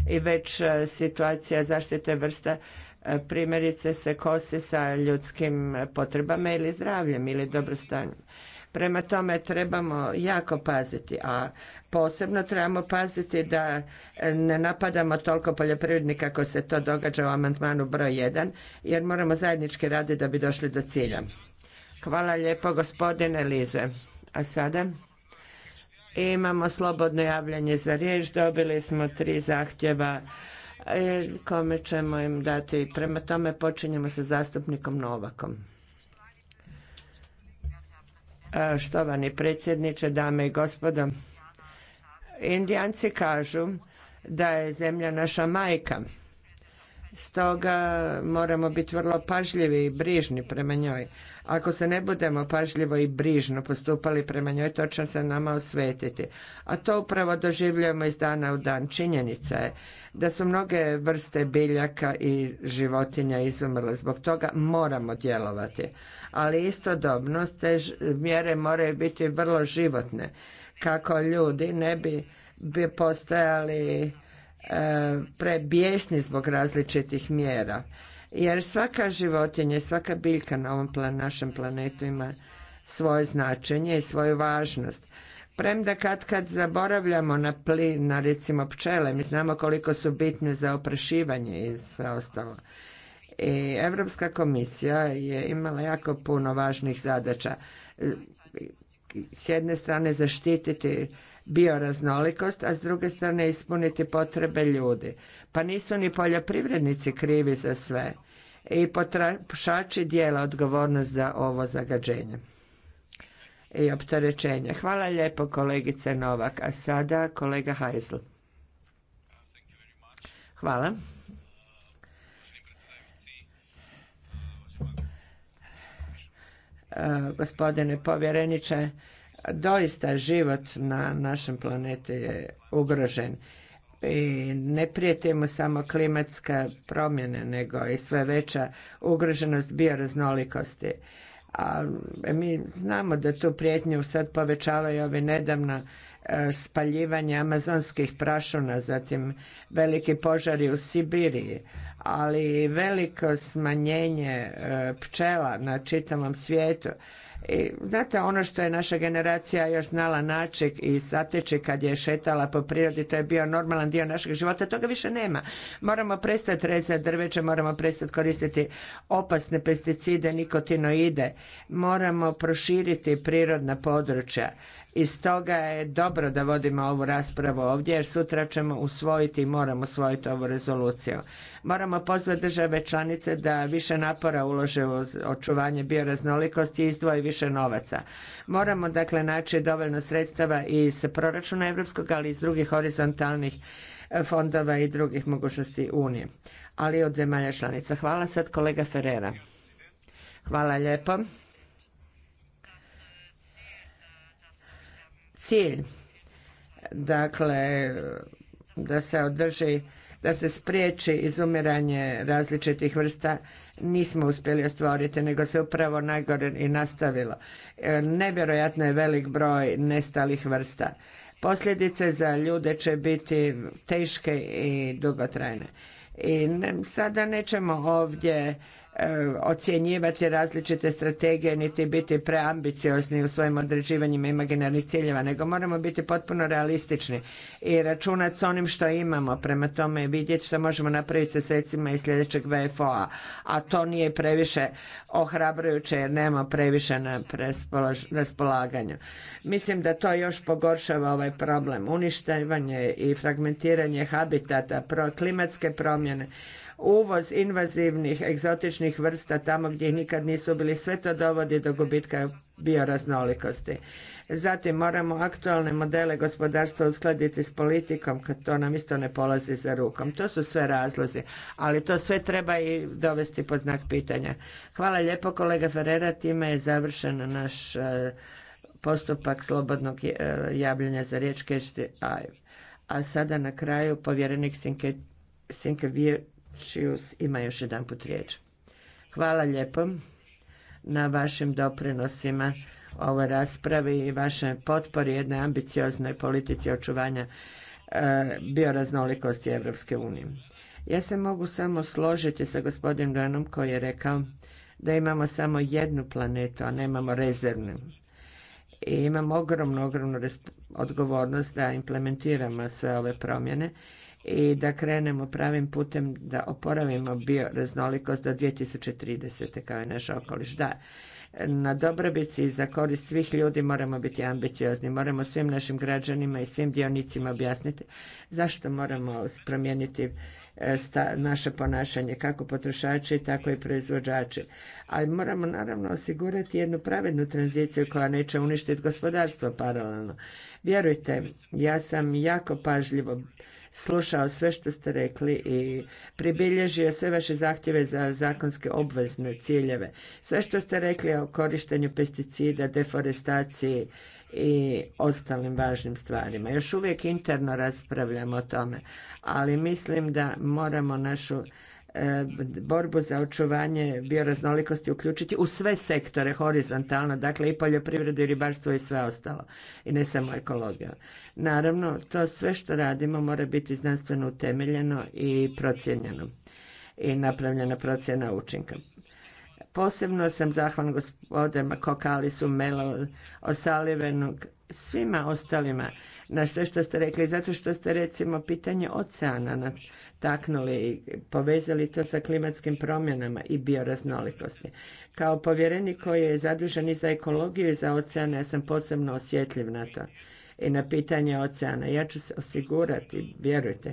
i već e, situacija zaštite vrsta e, primjerice se kosi sa ljudskim potrebama ili zdravljem ili dobrostanjem. Prema tome trebamo jako paziti, a posebno trebamo paziti da ne napadamo toliko poljoprivrednika kako se to događa u amandmanu broj 1, jer moramo zajednički raditi da bi došli do cilja. Hvala lijepo gospodine Lize. A sada imamo slobodno javljanje za riječ. Dobili smo tri zahtjeva e, kome ćemo im dati. Prema tome počinjemo sa zastupnikom Novakom. E, štovani predsjedniče, dame i gospodo, Indijanci kažu da je zemlja naša majka. Stoga moramo biti vrlo pažljivi i brižni prema njoj. Ako se ne budemo pažljivo i brižno postupali prema njoj, to će se nama osvetiti. A to upravo doživljujemo iz dana u dan. Činjenica je da su mnoge vrste biljaka i životinja izumrle. Zbog toga moramo djelovati. Ali istodobno te mjere moraju biti vrlo životne kako ljudi ne bi, bi postajali E, prebijesni zbog različitih mjera. Jer svaka životinja i svaka biljka na ovom našem planetu ima svoje značenje i svoju važnost. Premda kad kad zaboravljamo na plin, na recimo pčele, mi znamo koliko su bitne za oprašivanje i sve ostalo. I Europska komisija je imala jako puno važnih zadaća. S jedne strane zaštititi bioraznolikost, a s druge strane ispuniti potrebe ljudi. Pa nisu ni poljoprivrednici krivi za sve. I potrošači dijela odgovornost za ovo zagađenje i opterećenje. Hvala lijepo kolegice Novak. A sada kolega Heisel. Hvala. E, gospodine povjereniče, Doista život na našem planetu je ugrožen i ne prijeti mu samo klimatska promjena, nego i sve veća ugroženost bioraznolikosti. A e, mi znamo da tu prijetnju sad povećavaju ovi nedavna e, spaljivanje amazonskih prašuna, zatim veliki požari u Sibiriji, ali veliko smanjenje e, pčela na čitavom svijetu. I, znate, ono što je naša generacija još znala naček i sateče kad je šetala po prirodi, to je bio normalan dio našeg života, toga više nema. Moramo prestati rezati drveće, moramo prestati koristiti opasne pesticide, nikotinoide, moramo proširiti prirodna područja i stoga je dobro da vodimo ovu raspravu ovdje jer sutra ćemo usvojiti i moramo usvojiti ovu rezoluciju. Moramo pozvati države članice da više napora ulože u očuvanje bioraznolikosti i izdvoje više novaca. Moramo dakle naći dovoljno sredstava iz proračuna europskog, ali i iz drugih horizontalnih e, fondova i drugih mogućnosti Unije, ali i od zemalja članica. Hvala sad kolega Ferrera. Hvala lijepo. cilj dakle da se održi da se spriječi izumiranje različitih vrsta nismo uspjeli ostvariti, nego se upravo najgore i nastavilo. E, nevjerojatno je velik broj nestalih vrsta. Posljedice za ljude će biti teške i dugotrajne. I sada nećemo ovdje E, ocjenjivati različite strategije niti biti preambiciozni u svojim određivanjima imaginarnih ciljeva, nego moramo biti potpuno realistični i računati s onim što imamo, prema tome vidjeti što možemo napraviti sa sredstvima iz sljedećeg VFO-a, a to nije previše ohrabrujuće jer nemamo previše na raspolaganju. Mislim da to još pogoršava ovaj problem. Uništavanje i fragmentiranje habitata, klimatske promjene, uvoz invazivnih egzotičnih vrsta tamo gdje nikad nisu bili, sve to dovodi do gubitka bioraznolikosti. Zatim moramo aktualne modele gospodarstva uskladiti s politikom kad to nam isto ne polazi za rukom. To su sve razlozi, ali to sve treba i dovesti po znak pitanja. Hvala lijepo kolega Ferrera, time je završen naš e, postupak slobodnog e, javljanja za riječ Kešti A sada na kraju povjerenik Sinke, Čijus ima još jedan put riječ. Hvala lijepo na vašim doprinosima ovoj raspravi i vašoj potpori jednoj ambicioznoj politici očuvanja e, bioraznolikosti Europske unije. Ja se mogu samo složiti sa gospodinom Ranom koji je rekao da imamo samo jednu planetu, a nemamo rezervnu. I imamo ogromnu, ogromnu odgovornost da implementiramo sve ove promjene i da krenemo pravim putem da oporavimo bioraznolikost do 2030. kao i naš okoliš. Da, na dobrobit i za korist svih ljudi moramo biti ambiciozni. Moramo svim našim građanima i svim dionicima objasniti zašto moramo promijeniti e, sta, naše ponašanje, kako potrošači, tako i proizvođači. Ali moramo naravno osigurati jednu pravednu tranziciju koja neće uništiti gospodarstvo paralelno. Vjerujte, ja sam jako pažljivo slušao sve što ste rekli i pribilježio sve vaše zahtjeve za zakonske obvezne ciljeve. Sve što ste rekli o korištenju pesticida, deforestaciji i ostalim važnim stvarima. Još uvijek interno raspravljamo o tome, ali mislim da moramo našu E, borbu za očuvanje bioraznolikosti uključiti u sve sektore horizontalno, dakle i poljoprivredu i ribarstvo i sve ostalo i ne samo ekologiju. Naravno, to sve što radimo mora biti znanstveno utemeljeno i procijenjeno i napravljena procjena učinka. Posebno sam zahvalna gospodama Kokalisu, Melo, Osalivenu, svima ostalima na sve što ste rekli, zato što ste recimo pitanje oceana taknuli i povezali to sa klimatskim promjenama i bioraznolikosti. Kao povjerenik koji je zadužen i za ekologiju i za oceane, ja sam posebno osjetljiv na to i na pitanje oceana. Ja ću se osigurati, vjerujte,